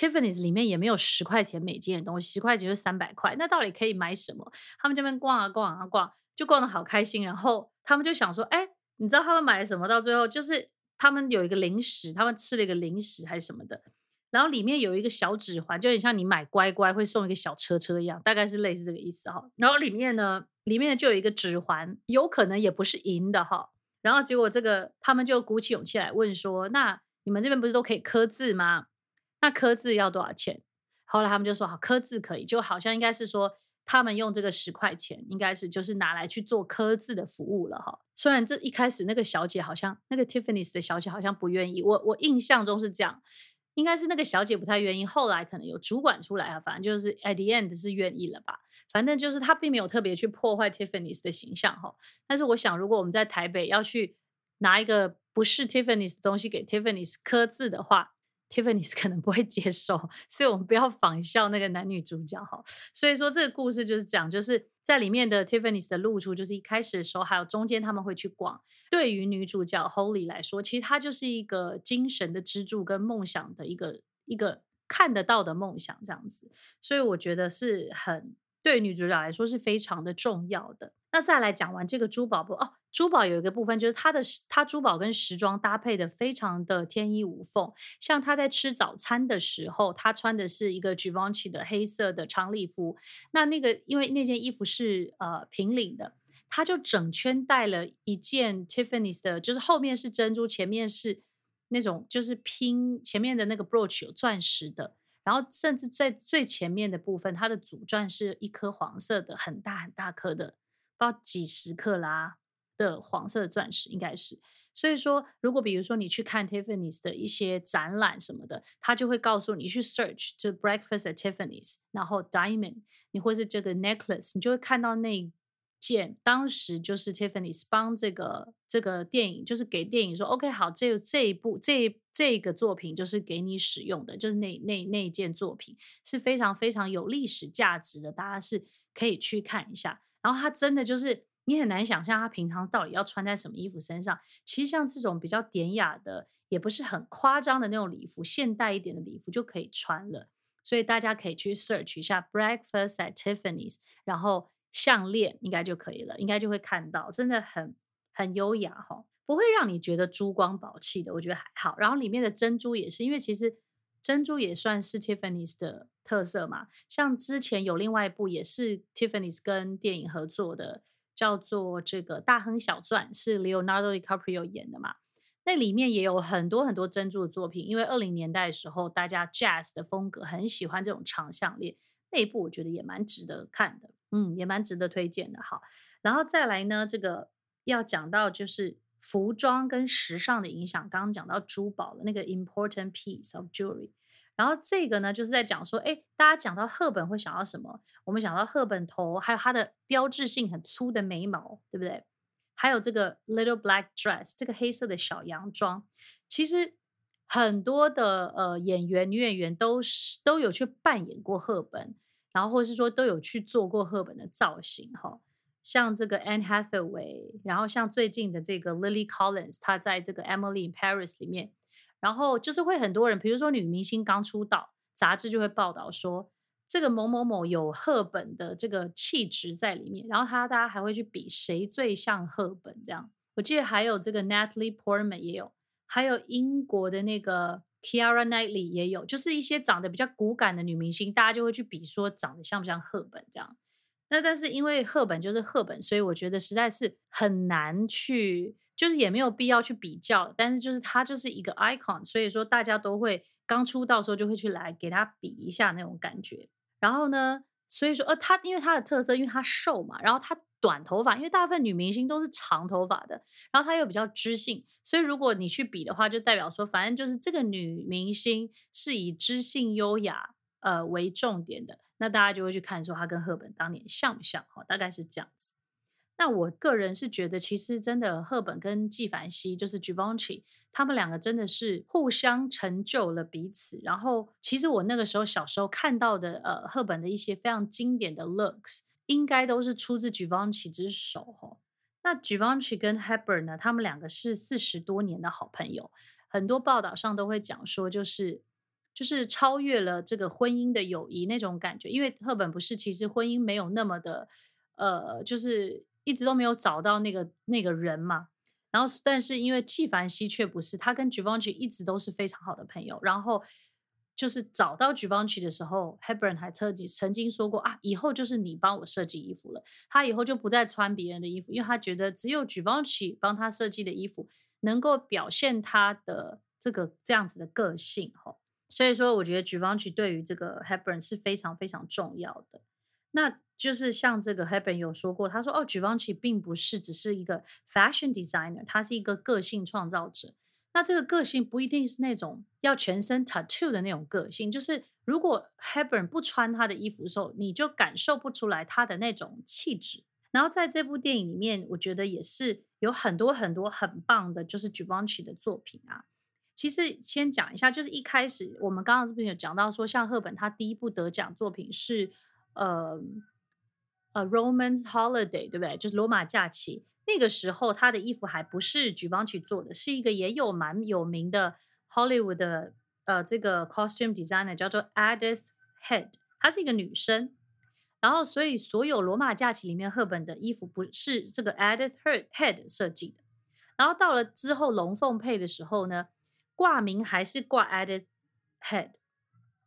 Tiffany's 裡面也沒有十塊錢美金的東西，十塊錢就三百塊，那到底可以買什麼？他們這邊逛啊逛啊逛，就逛得好開心。然後他們就想說，哎，你知道他們買了什麼？到最後就是他們有一個零食，他們吃了一個零食還是什麼的。然後裡面有一個小指環，就很像你買乖乖會送一個小車車一樣，大概是類似這個意思哈。然後裡面呢，裡面就有一個指環，有可能也不是銀的哈。然後結果這個他們就鼓起勇氣來問說，那你們這邊不是都可以刻字嗎？那刻字要多少錢？後來他們就說好，刻字可以，就好像應該是說他們用這個十塊錢，應該是就是拿來去做刻字的服務了哈。雖然這一開始那個小姐好像那個 Tiffany's 的小姐好像不願意，我我印象中是這樣，應該是那個小姐不太願意，後來可能有主管出來啊，反正就是 at the end 是願意了吧。反正就是他並沒有特別去破壞 Tiffany's 的形象哈。但是我想，如果我們在台北要去拿一個不是 Tiffany's 的東西給 Tiffany's 刻字的話，Tiffany 可能不會接受，所以我們不要仿效那個男女主角哈。 所以說，這個故事就是講，就是在裡面的 Tiffany 的露出，就是一開始的時候，還有中間他們會去逛。對於女主角 Holly 來說，其實她就是一個精神的支柱跟夢想的一個一個看得到的夢想這樣子。所以我覺得是很對於女主角來說是非常的重要的。那再來講完這個珠寶不哦。珠寶有一個部分就是它的，它珠寶跟時裝搭配的非常的天衣無縫。像他在吃早餐的時候，他穿的是一個 Givenchy 的黑色的長禮服，那那個因為那件衣服是呃平領的，他就整圈帶了一件 Tiffany's 的，就是後面是珍珠，前面是那種就是拼前面的那個 brooch 有鑽石的，然後甚至在最前面的部分，它的主鑽是一顆黃色的，很大很大顆的，不知道幾十克拉。的黃色的鑽石應該是，所以說，如果比如說你去看 Tiffany's 的一些展覽什麼的，他就會告訴你去 search 就 Breakfast at Tiffany's，然後 diamond，你或是這個 necklace，你就會看到那件當時就是 Tiffany's 幫這個這個電影，就是給電影說 OK 好，這這一部這這個作品就是給你使用的，就是那那那一件作品是非常非常有歷史價值的，大家是可以去看一下。然後他真的就是。你很難想象他平常到底要穿在什麼衣服身上。其實像這種比較典雅的，也不是很誇張的那種禮服，現代一點的禮服就可以穿了。所以大家可以去 search 一下 Breakfast at Tiffany's，然後項鏈應該就可以了，應該就會看到，真的很很優雅哈，不會讓你覺得珠光寶氣的。我覺得還好。然後裡面的珍珠也是，因為其實珍珠也算是 Tiffany's 的特色嘛。像之前有另外一部也是 Tiffany's 跟電影合作的。叫做這個大亨小傳，是 Leonardo DiCaprio 演的嘛。那裡面也有很多很多珍珠的作品，因為二零年代的時候，大家 jazz 的風格很喜歡這種長項鏈。那一部我覺得也蠻值得看的，嗯，也蠻值得推薦的。好，然後再來呢，這個要講到就是服裝跟時尚的影響。剛剛講到珠寶了，那個 important piece of jewelry。然後這個呢，就是在講說，哎，大家講到赫本會想到什麼？我們想到赫本頭，還有她的標誌性很粗的眉毛，對不對？還有這個 little black dress，這個黑色的小洋裝。其實很多的呃演員，女演員都是都有去扮演過赫本，然後或是說都有去做過赫本的造型哈、哦。像這個 Anne Hathaway，然後像最近的這個 Lily Collins，她在這個 Emily in Paris 裡面。然後就是會很多人，比如說女明星剛出道，雜誌就會報道說，這個某某某有赫本的這個氣質在裡面。然後她大家還會去比誰最像赫本這樣。我記得還有這個 Natalie Portman 也有，還有英國的那個 Keira Knightley 也有，就是一些長得比較骨感的女明星，大家就會去比說長得像不像赫本這樣。那但是因為赫本就是赫本，所以我覺得實在是很難去，就是也沒有必要去比較。但是就是她就是一個 icon，所以說大家都會剛出道的時候就會去來給她比一下那種感覺。然後呢，所以說呃，她因為她的特色，因為她瘦嘛，然後她短頭髮，因為大部分女明星都是長頭髮的，然後她又比較知性，所以如果你去比的話，就代表說反正就是這個女明星是以知性優雅呃為重點的。那大家就會去看，說他跟赫本當年像不像？大概是這樣子。那我個人是覺得，其實真的，赫本跟紀梵希就是 Givenchy，他們兩個真的是互相成就了彼此。然後，其實我那個時候小時候看到的，呃，赫本的一些非常經典的 looks，應該都是出自 Givenchy 之手。哈，那 Givenchy 跟 Hepburn 呢，他們兩個是四十多年的好朋友，很多報道上都會講說，就是。就是超越了這個婚姻的友誼那種感覺，因為赫本不是，其實婚姻沒有那麼的，呃，就是一直都沒有找到那個那個人嘛。然後，但是因為紀梵希卻不是，他跟紀梵希一直都是非常好的朋友。然後，就是找到紀梵希的時候 Hepburn 還曾經曾經說過啊，以後就是你幫我設計衣服了，他以後就不再穿別人的衣服，因為他覺得只有紀梵希幫他設計的衣服能夠表現他的這個這樣子的個性，所以說，我覺得 Givenchy 對於這個 Hepburn 是非常非常重要的。那就是像這個 Hepburn 有說過，他說：“哦，Givenchy 並不是只是一個 fashion designer，他是一個個性創造者。那這個個性不一定是那種要全身 tattoo、e、的那種個性，就是如果 Hepburn 不穿他的衣服的時候，你就感受不出來他的那種氣質。然後在這部電影裡面，我覺得也是有很多很多很棒的，就是 Givenchy 的作品啊。”其實先講一下，就是一開始我們剛剛是不是有講到說，像赫本她第一部得獎作品是呃呃《A Roman Holiday》，對不對？就是《羅馬假期》。那個時候她的衣服還不是 Givenchy 做的，是一個也有蠻有名的 Hollywood 的呃這個 costume designer 叫做 Edith Head，她是一個女生。然後所以所有《羅馬假期》裡面赫本的衣服不是這個 Edith Head 設計的。然後到了之後《龍鳳配》的時候呢。掛名還是掛 at head，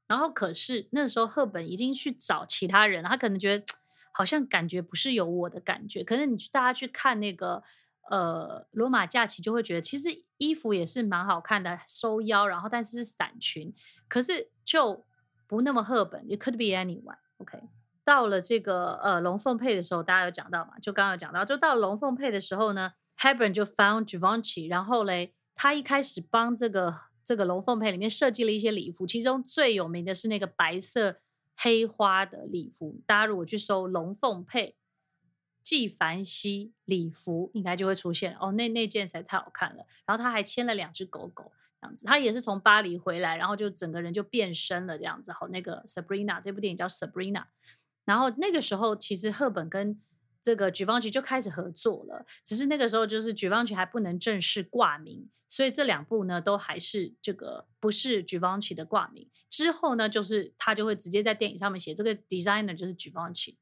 然後可是那時候赫本已經去找其他人，他可能覺得好像感覺不是有我的感覺。可能你大家去看那個呃羅馬假期，就會覺得其實衣服也是蠻好看的，收腰，然後但是是傘裙，可是就不那麼赫本。It could be anyone，OK。到了這個呃龍鳳配的時候，大家有講到嘛？就剛剛有講到，就到了龍鳳配的時候呢 Hepburn 就 found Givenchy 然後嘞。他一開始幫這個這個龍鳳配裡面設計了一些禮服，其中最有名的是那個白色黑花的禮服。大家如果去搜“龍鳳配”、紀梵希禮服，應該就會出現。哦，那那件實在太好看了。然後他還牽了兩隻狗狗，這樣子。他也是從巴黎回來，然後就整個人就變身了，這樣子。好，那個 Sabrina，這部電影叫 Sabrina。然後那個時候，其實赫本跟這個 Givenchy 就開始合作了，只是那個時候就是 Givenchy 還不能正式掛名，所以這兩部呢都還是這個不是 Givenchy 的掛名。之後呢，就是他就會直接在電影上面寫這個 designer 就是 Givenchy，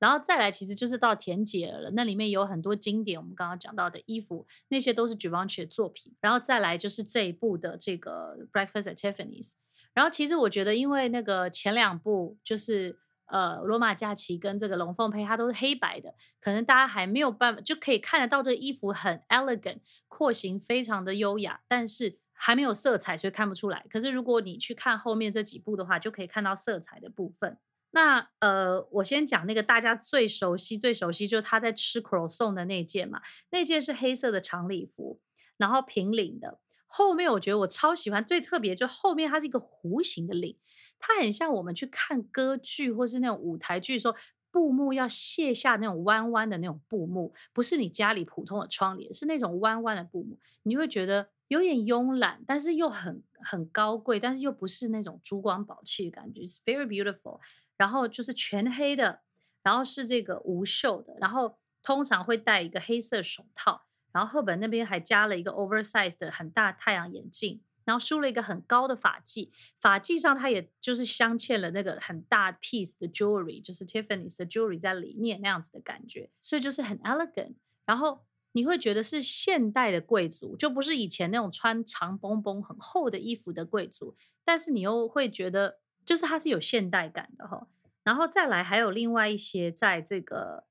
然後再來其實就是到甜姐兒了，那裡面有很多經典，我們剛剛講到的衣服那些都是 Givenchy 的作品。然後再來就是這一部的這個 Breakfast at Tiffany's，然後其實我覺得因為那個前兩部就是。呃，羅馬假期跟這個龍鳳配，它都是黑白的，可能大家還沒有辦法就可以看得到這個衣服很 elegant，廓形非常的優雅，但是還沒有色彩，所以看不出來。可是如果你去看後面這幾部的話，就可以看到色彩的部分。那呃，我先講那個大家最熟悉、最熟悉，就是他在吃可頌的那件嘛，那件是黑色的長禮服，然後平領的。後面我覺得我超喜歡，最特別就是後面它是一個弧形的領。它很像我們去看歌劇或是那種舞台劇，說布幕要卸下，那種彎彎的那種布幕，不是你家裡普通的窗簾，是那種彎彎的布幕，你就會覺得有點慵懶，但是又很很高貴，但是又不是那種珠光寶氣的感覺，very beautiful。然後就是全黑的，然後是這個無袖的，然後通常會戴一個黑色手套，然後赫本那邊還加了一個 oversize 的很大太陽眼鏡。然後梳了一個很高的髮髻，髮髻上它，也就是鑲嵌了那個很大 piece 的 jewelry，就是 Tiffany 的 jewelry 在裡面那樣子的感覺，所以就是很 elegant。然後你會覺得是現代的貴族，就不是以前那種穿長蓬蓬很厚的衣服的貴族，但是你又會覺得就是它是有現代感的哦。然後再來還有另外一些在這個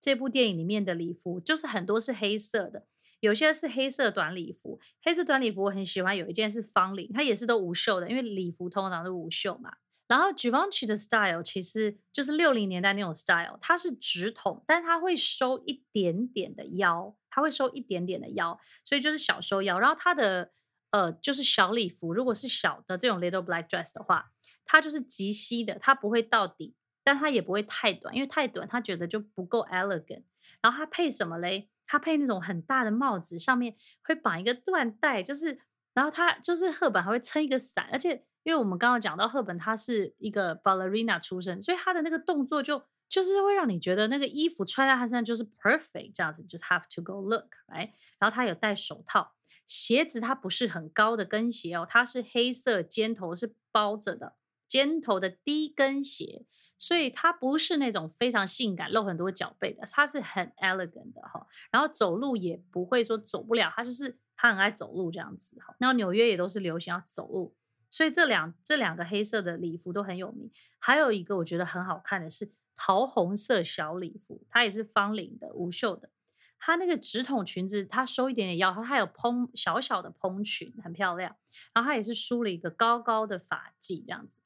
這部電影裡面的禮服，就是很多是黑色的。有些是黑色短禮服，黑色短禮服我很喜歡。有一件是方領，它也是都無袖的，因為禮服通常是無袖嘛。然後 Givenchy 的 style 其實就是六零年代那種 style，它是直筒，但它會收一點點的腰，它會收一點點的腰，所以就是小收腰。然後它的呃就是小禮服，如果是小的這種 little black dress 的話，它就是及膝的，它不會到底，但它也不會太短，因為太短它覺得就不夠 elegant。然後它配什麼嘞？他配那種很大的帽子，上面會綁一個緞帶，就是，然後他就是赫本還會撐一個傘，而且因為我們剛剛講到赫本，他是一個 ballerina 出身，所以他的那個動作就就是會讓你覺得那個衣服穿在他身上就是 perfect 這樣子，就是 have to go look right？然後他有戴手套，鞋子它不是很高的跟鞋哦，它是黑色尖頭，是包着的尖頭的低跟鞋。所以它不是那種非常性感露很多腳背的，它是很 elegant 的哈。然後走路也不會說走不了，它就是它很愛走路這樣子哈。那紐約也都是流行要走路，所以這兩這兩個黑色的禮服都很有名。還有一個我覺得很好看的是桃紅色小禮服，它也是方領的無袖的，它那個直筒裙子它收一點點腰，它還有蓬小小的蓬裙，很漂亮。然後它也是梳了一個高高的髮髻這樣子。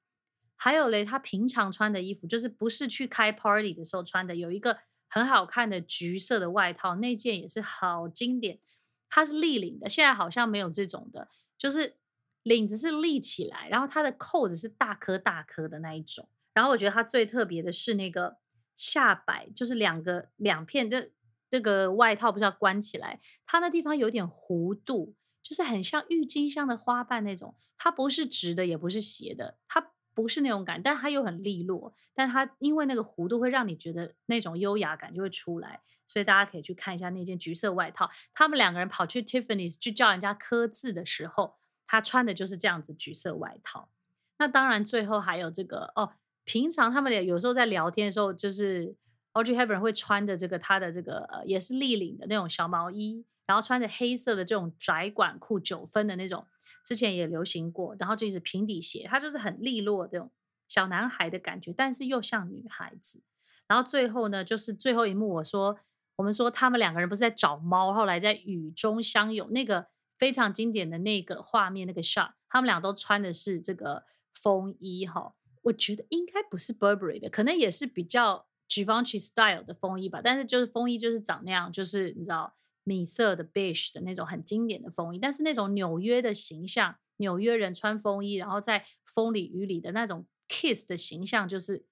還有嘞，他平常穿的衣服就是不是去開 party 的時候穿的。有一個很好看的橘色的外套，那件也是好經典。它是立領的，現在好像沒有這種的，就是領子是立起來，然後它的扣子是大顆大顆的那一種。然後我覺得它最特別的是那個下擺，就是兩個兩片的，這這個外套不是要關起來，它那地方有點弧度，就是很像鬱金香的花瓣那種。它不是直的，也不是斜的，它。不是那種感，但他又很利落，但他因為那個弧度會讓你覺得那種優雅感就會出來，所以大家可以去看一下那件橘色外套。他們兩個人跑去 Tiffany's 去叫人家刻字的時候，他穿的就是這樣子橘色外套。那當然，最後還有這個哦，平常他們倆有時候在聊天的時候，就是 Audrey Hepburn 會穿着這個他的這個、呃、也是立領的那種小毛衣，然後穿着黑色的這種窄管褲九分的那種。之前也流行過，然後就是平底鞋，它就是很利落的，小男孩的感覺，但是又像女孩子。然後最後呢，就是最後一幕，我說我們說他們兩個人不是在找貓，後來在雨中相擁，那個非常經典的那個畫面，那個 shot，他們倆都穿的是這個風衣哈，我覺得應該不是 Burberry 的，可能也是比較 Givenchy style 的風衣吧，但是就是風衣就是長那樣，就是你知道。米色的 beige 的那種很經典的風衣，但是那種紐約的形象，紐約人穿風衣，然後在風裡雨裡的那種 kiss 的形象，就是，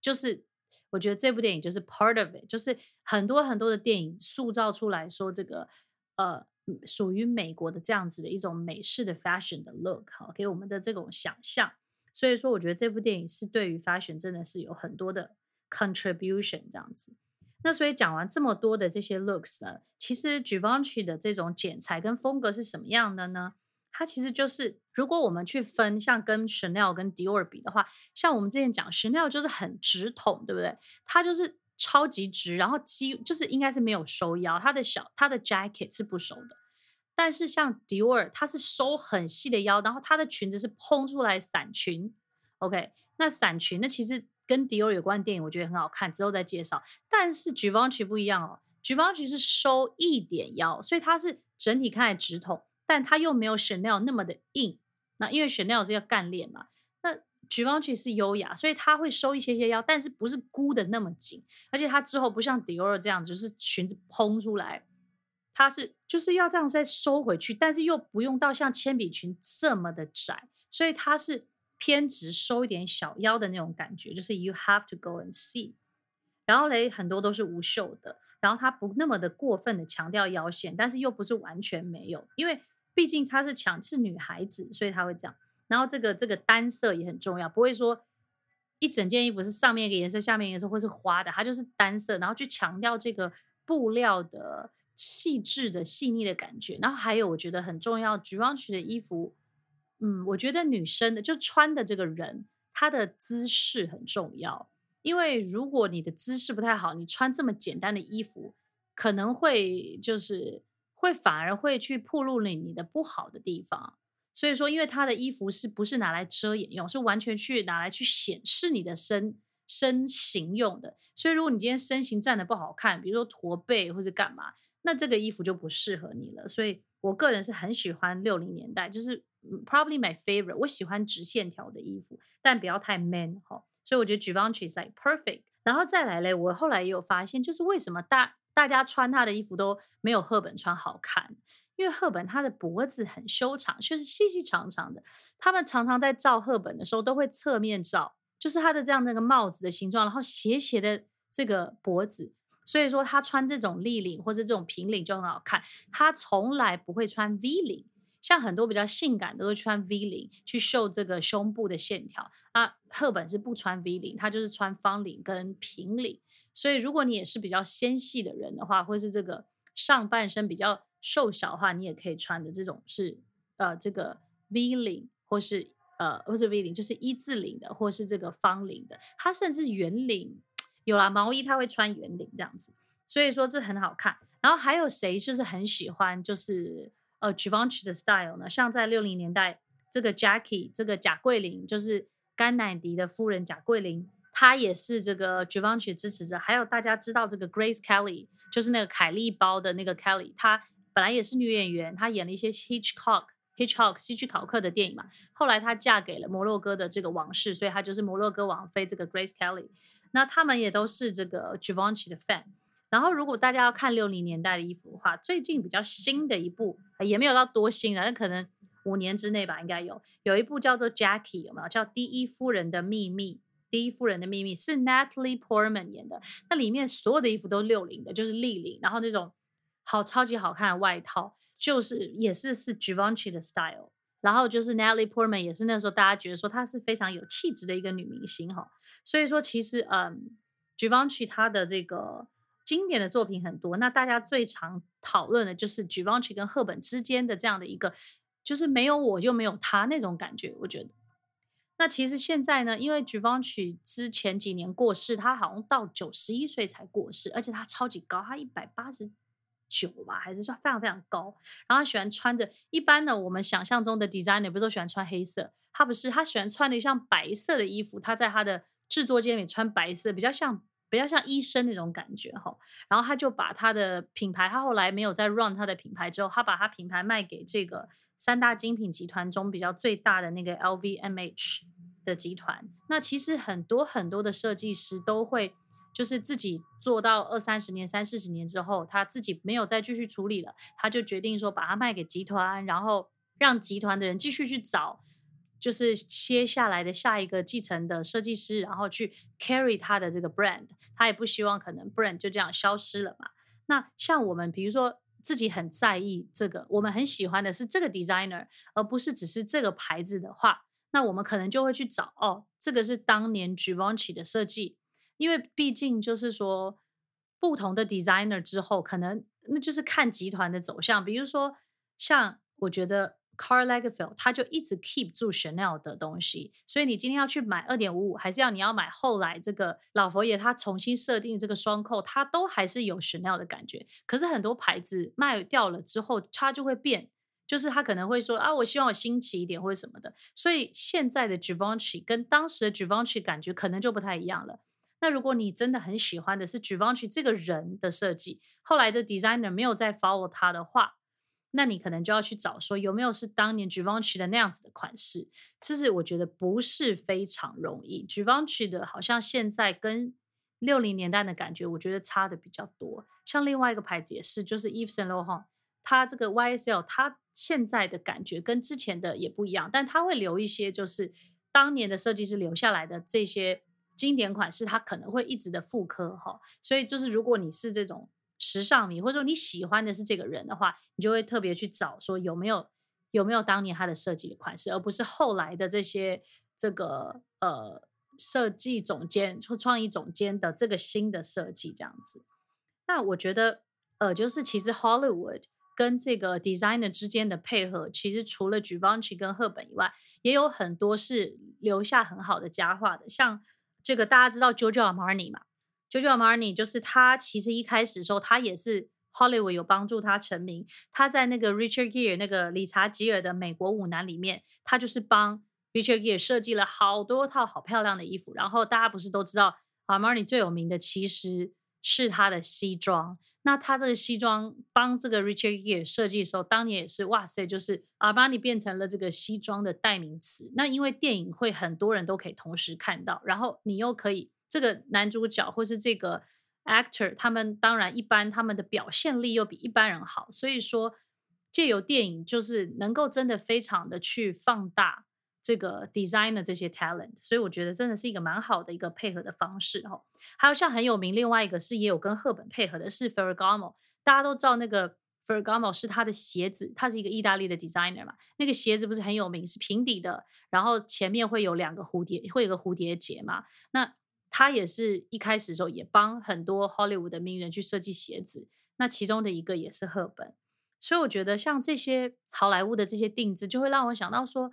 就是就是，我覺得這部電影就是 part of it，就是很多很多的電影塑造出來說，這個呃屬於美國的這樣子的一種美式的 fashion 的 look，好給我們的這種想象。所以說，我覺得這部電影是對於 fashion 真的是有很多的 contribution 這樣子。那所以講完這麼多的這些 looks 呢，其實 Givenchy 的這種剪裁跟風格是什麼樣的呢？它其實就是如果我們去分，像跟 Chanel 跟 Dior 比的話，像我們之前講 Chanel 就是很直筒，對不對？它就是超級直，然後就是應該是沒有收腰，它的小它的 jacket 是不收的。但是像 Dior，它是收很細的腰，然後它的裙子是蓬出來傘裙。OK，那傘裙那其實。跟迪奧有關的電影，我覺得很好看，之後再介紹。但是紀梵希不一樣哦，紀梵希是收一點腰，所以它是整體看來直筒，但它又沒有 Chanel 那麼的硬。那因為 Chanel 是要幹練嘛，那紀梵希是優雅，所以它會收一些些腰，但是不是箍的那麼緊，而且它之後不像迪奧這樣子，就是裙子蓬出來，它是就是要這樣再收回去，但是又不用到像鉛筆裙這麼的窄，所以它是。偏直收一點小腰的那種感覺，就是 you have to go and see。然後嘞，很多都是無袖的，然後它不那麼的過分的強調腰線，但是又不是完全沒有，因為畢竟他是強是女孩子，所以他會這樣。然後這個這個單色也很重要，不會說一整件衣服是上面一個顏色，下面顏色或是花的，它就是單色，然後去強調這個布料的細緻的細膩的感覺。然後還有我覺得很重要，Gucci 的衣服。嗯，我覺得女生的就穿的這個人，她的姿勢很重要。因為如果你的姿勢不太好，你穿這麼簡單的衣服，可能會就是會反而會去曝露你你的不好的地方。所以說，因為她的衣服是不是拿來遮掩用，是完全去拿來去顯示你的身身形用的。所以如果你今天身形站得不好看，比如說駝背或者幹嘛，那這個衣服就不適合你了。所以我個人是很喜歡六零年代，就是。Probably my favorite，我喜歡直線條的衣服，但不要太 man 哈、哦。所以我覺得 Givenchy 是 like perfect。然後再來嘞，我後來也有發現，就是為什麼大大家穿他的衣服都沒有赫本穿好看，因為赫本他的脖子很修長，就是細細長長的。他們常常在照赫本的時候都會側面照，就是他的這樣的那個帽子的形狀，然後斜斜的這個脖子，所以說他穿這種立領或者這種平領就很好看。他從來不會穿 V 領。像很多比較性感的都穿 V 領去秀這個胸部的線條，那、啊、赫本是不穿 V 領，他就是穿方領跟平領。所以如果你也是比較纖細的人的話，或是這個上半身比較瘦小的話，你也可以穿的這種是呃這個 V 領，或是呃不是 V 領，就是一字領的，或是這個方領的。它甚至圓領，有啦，毛衣它會穿圓領這樣子，所以說這很好看。然後還有誰就是很喜歡就是。呃、uh, Givenchy 的 style 呢，像在六零年代，這個 Jackie，這個賈桂林，就是甘乃迪的夫人賈桂林，她也是這個 Givenchy 的支持者。還有大家知道這個 Grace Kelly，就是那個凱利包的那個 Kelly，她本來也是女演員，她演了一些 Hitchcock、Hitchcock 希區考克的電影嘛。後來她嫁給了摩洛哥的這個王室，所以她就是摩洛哥王妃這個 Grace Kelly。那他們也都是這個 Givenchy 的 fan。然後，如果大家要看六零年代的衣服的話，最近比較新的一部也沒有到多新，但可能五年之內吧，應該有有一部叫做《Jackie》，有沒有？叫《第一夫人的秘密》。第一夫人的秘密是 Natalie Portman 演的，那裡面所有的衣服都是六零的，就是立領，然後那種好超級好看的外套，就是也是是 Givenchy 的 style。然後就是 Natalie Portman 也是那時候大家覺得說她是非常有氣質的一個女明星哈。所以說其實嗯，Givenchy 她的這個。經典的作品很多，那大家最常討論的就是紀梵希跟赫本之間的這樣的一個，就是沒有我就沒有他那種感覺。我覺得，那其實現在呢，因為紀梵希之前幾年過世，他好像到九十一歲才過世，而且他超級高，他一百八十九吧，還是說非常非常高。然後他喜歡穿着，一般的我們想象中的 designer 不是都喜歡穿黑色？他不是，他喜歡穿的像白色的衣服，他在他的制作間裡穿白色，比較像。比較像醫生那種感覺哈，然後他就把他的品牌，他後來沒有再 run 他的品牌之後，他把他品牌賣給這個三大精品集團中比較最大的那個 LVMH 的集團。那其實很多很多的設計師都會，就是自己做到二三十年、三四十年之後，他自己沒有再繼續處理了，他就決定說把它賣給集團，然後讓集團的人繼續去找。就是接下來的下一個繼承的設計師，然後去 carry 他的這個 brand，他也不希望可能 brand 就這樣消失了嘛。那像我們比如說自己很在意這個，我們很喜歡的是這個 designer，而不是只是這個牌子的話，那我們可能就會去找哦，這個是當年 Givenchy 的設計，因為畢竟就是說不同的 designer 之後，可能那就是看集團的走向。比如說像我覺得。Karl Lagerfeld 他就一直 keep 住 Chanel 的東西，所以你今天要去買二點五五，還是要你要買後來這個老佛爺他重新設定這個雙扣，他都還是有 Chanel 的感覺。可是很多牌子賣掉了之後，它就會變，就是他可能會說啊，我希望我新奇一點或者什麼的。所以現在的 Givenchy 跟當時的 Givenchy 感覺可能就不太一樣了。那如果你真的很喜歡的是 Givenchy 這個人的設計，後來的 designer 沒有再 follow 他的話。那你可能就要去找說有沒有是當年 Givenchy 的那樣子的款式，其實我覺得不是非常容易。Givenchy 的好像現在跟六零年代的感覺，我覺得差的比較多。像另外一個牌子也是，就是 Yves Saint Laurent 它這個 YSL，它現在的感覺跟之前的也不一樣，但它會留一些就是當年的設計師留下來的這些經典款式，它可能會一直的復刻哈。所以就是如果你是這種。時尚迷，或者說你喜歡的是這個人的話，你就會特別去找說有沒有、有沒有當年他的設計的款式，而不是後來的這些這個呃設計總監或創意總監的這個新的設計這樣子。那我覺得呃，就是其實 Hollywood 跟這個 designer 之間的配合，其實除了 Givenchy 跟赫本以外，也有很多是留下很好的佳話的。像這個大家知道 Giorgio Armani 嘛？Jojo Armani 就是他，其實一開始的時候，他也是 Hollywood 有幫助他成名。他在那個 Richard Gere 那個理查吉爾的《美國舞男》裡面，他就是幫 Richard Gere 設計了好多套好漂亮的衣服。然後大家不是都知道，Armani 最有名的其實是他的西裝。那他這個西裝幫這個 Richard Gere 設計的時候，當年也是哇塞，就是 Armani 變成了這個西裝的代名詞。那因為電影會很多人都可以同時看到，然後你又可以。這個男主角或是這個 actor，他們當然一般，他們的表現力又比一般人好，所以說借由電影就是能夠真的非常的去放大這個 designer 這些 talent，所以我覺得真的是一個蠻好的一個配合的方式哈。還有像很有名，另外一個是也有跟赫本配合的是 Ferragamo，大家都知道那個 Ferragamo 是他的鞋子，他是一個意大利的 designer 嘛，那個鞋子不是很有名，是平底的，然後前面會有兩個蝴蝶，會有個蝴蝶結嘛，那。他也是一開始的時候也幫很多 Hollywood 的名人去設計鞋子，那其中的一個也是赫本。所以我覺得像這些好萊塢的這些定制，就會讓我想到說，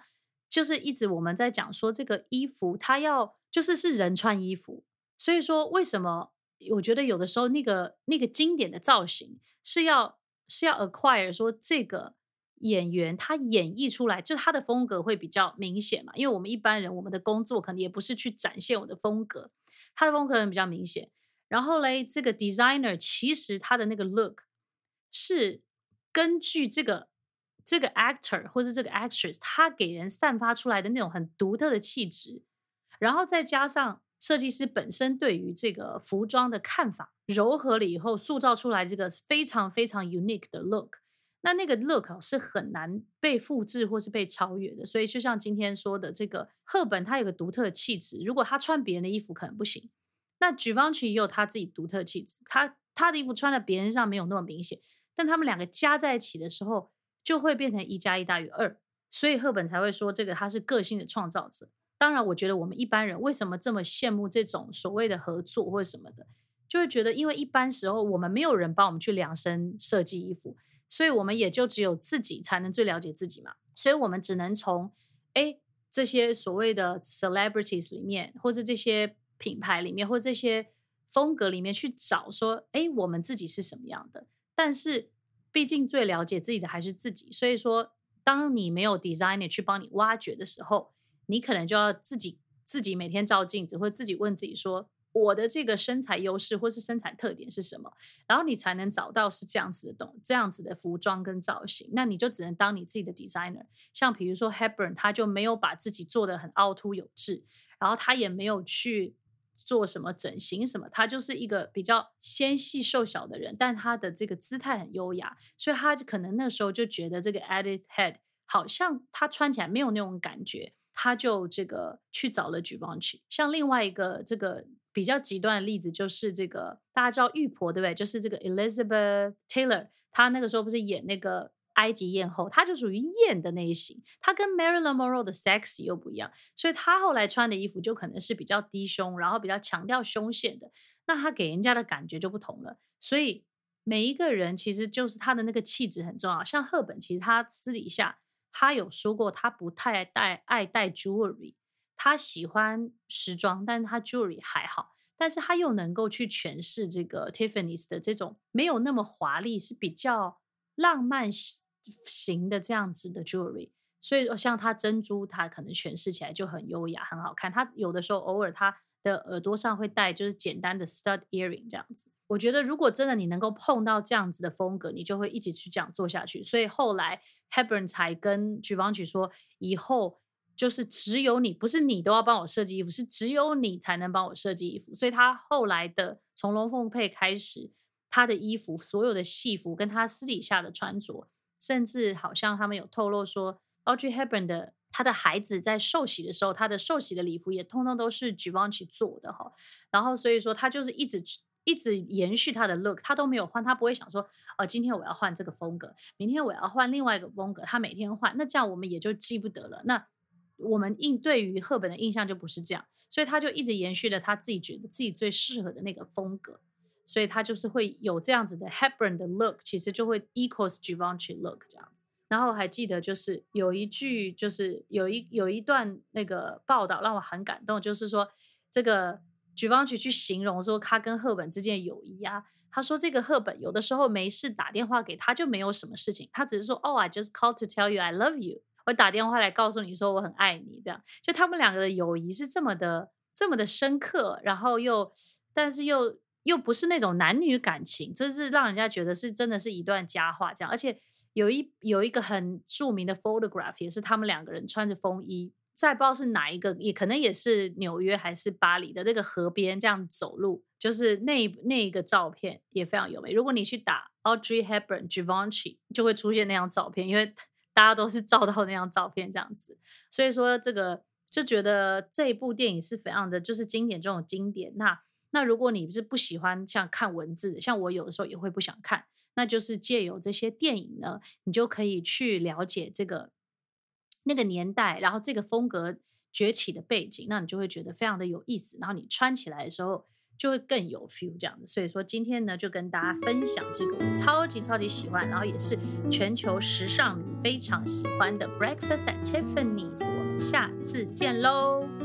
就是一直我們在講說這個衣服，它要就是是人穿衣服，所以說為什麼我覺得有的時候那個那個經典的造型是要是要 acquire 說這個演員他演繹出來，就是他的風格會比較明顯嘛，因為我們一般人我們的工作可能也不是去展現我的風格。它的風格可能比較明顯，然後嘞，這個 designer 其實它的那個 look 是根據這個這個 actor 或是這個 actress，他給人散發出來的那種很獨特的氣質，然後再加上設計師本身對於這個服裝的看法，糅合了以後，塑造出來這個非常非常 unique 的 look。那那個 look 是很難被複製或是被超越的，所以就像今天說的，這個赫本她有個獨特的氣質，如果她穿別人的衣服可能不行。那紀梵希也有她自己獨特氣質，她她的衣服穿在別人身上沒有那麼明顯，但他們兩個加在一起的時候就會變成一加一大於二，所以赫本才會說這個她是個性的創造者。當然，我覺得我們一般人為什麼這麼羨慕這種所謂的合作或者什麼的，就會覺得因為一般時候我們沒有人幫我們去量身設計衣服。所以我們也就只有自己才能最了解自己嘛，所以我們只能從哎，這些所謂的 celebrities 裡面，或者這些品牌裡面，或者這些風格裡面去找說，哎，我們自己是什麼樣的。但是畢竟最了解自己的還是自己，所以說，當你沒有 designer 去幫你挖掘的時候，你可能就要自己自己每天照鏡子，或自己問自己說。我的這個身材優勢或是身材特點是什麼？然後你才能找到是這樣子的東，這樣子的服裝跟造型。那你就只能當你自己的 designer。像比如說 Hepburn，他就沒有把自己做得很凹凸有致，然後他也沒有去做什麼整形什麼，他就是一個比較纖細瘦小的人，但他的這個姿態很優雅，所以他可能那時候就覺得這個 Edith Head 好像他穿起來沒有那種感覺，他就這個去找了 Givenchy。像另外一個這個。比較極端的例子就是這個，大家知道玉婆對不對？就是這個 Elizabeth Taylor，她那個時候不是演那個埃及艷後，她就屬於艷的那一型。她跟 Marilyn Monroe 的 sexy 又不一樣，所以她後來穿的衣服就可能是比較低胸，然後比較強調胸線的。那她給人家的感覺就不同了。所以每一個人其實就是她的那個氣質很重要。像赫本，其實她私底下她有說過，她不太戴愛戴 jewelry。他喜歡時裝，但是他 jewelry 還好，但是他又能夠去詮釋這個 Tiffany's 的這種沒有那麼華麗，是比較浪漫型的這樣子的 jewelry。所以像他珍珠，他可能詮釋起來就很優雅，很好看。他有的時候偶爾他的耳朵上會戴就是簡單的 stud earring 這樣子。我覺得如果真的你能夠碰到這樣子的風格，你就會一直去這樣做下去。所以後來 Hepburn 才跟 Givenchy 說以後。就是只有你，不是你都要幫我設計衣服，是只有你才能幫我設計衣服。所以他後來的從龍鳳配開始，他的衣服所有的戲服跟他私底下的穿着，甚至好像他們有透露說，Audrey Hepburn 的他的孩子在受洗的時候，他的受洗的禮服也通通都是 Givenchy 做的哈。然後所以說他就是一直一直延續他的 look，他都沒有換，他不會想說哦，今天我要換這個風格，明天我要換另外一個風格，他每天換，那這樣我們也就記不得了。那我們應對於赫本的印象就不是這樣，所以他就一直延續了他自己覺得自己最適合的那個風格，所以他就是會有這樣子的 Hepburn 的 look，其實就會 equals Givenchy look 這樣子。然後我還記得就是有一句，就是有一有一段那個報道讓我很感動，就是說這個 Givenchy 去形容說他跟赫本之間的友誼啊，他說這個赫本有的時候沒事打電話給他，他就沒有什麼事情，他只是說 Oh, I just called to tell you I love you。我打電話來告訴你說我很愛你，這樣。就他們兩個的友誼是這麼的、這麼的深刻，然後又但是又又不是那種男女感情，這是讓人家覺得是真的是一段佳話。這樣，而且有一有一個很著名的 photograph，也是他們兩個人穿着風衣，在不知道是哪一個，也可能也是紐約還是巴黎的那個河邊這樣走路，就是那那一個照片也非常優美。如果你去打 Audrey Hepburn Givenchy，就會出現那張照片，因為。大家都是照到那張照片這樣子，所以說這個就覺得這一部電影是非常的，就是經典中有經典。那那如果你是不喜歡像看文字，像我有的時候也會不想看，那就是借由這些電影呢，你就可以去了解這個那個年代，然後這個風格崛起的背景，那你就會覺得非常的有意思。然後你穿起來的時候。就會更有 feel 這樣的，所以說今天呢，就跟大家分享這個我超級超級喜歡，然後也是全球時尚迷非常喜歡的 Breakfast at Tiffany's。我們下次見嘍！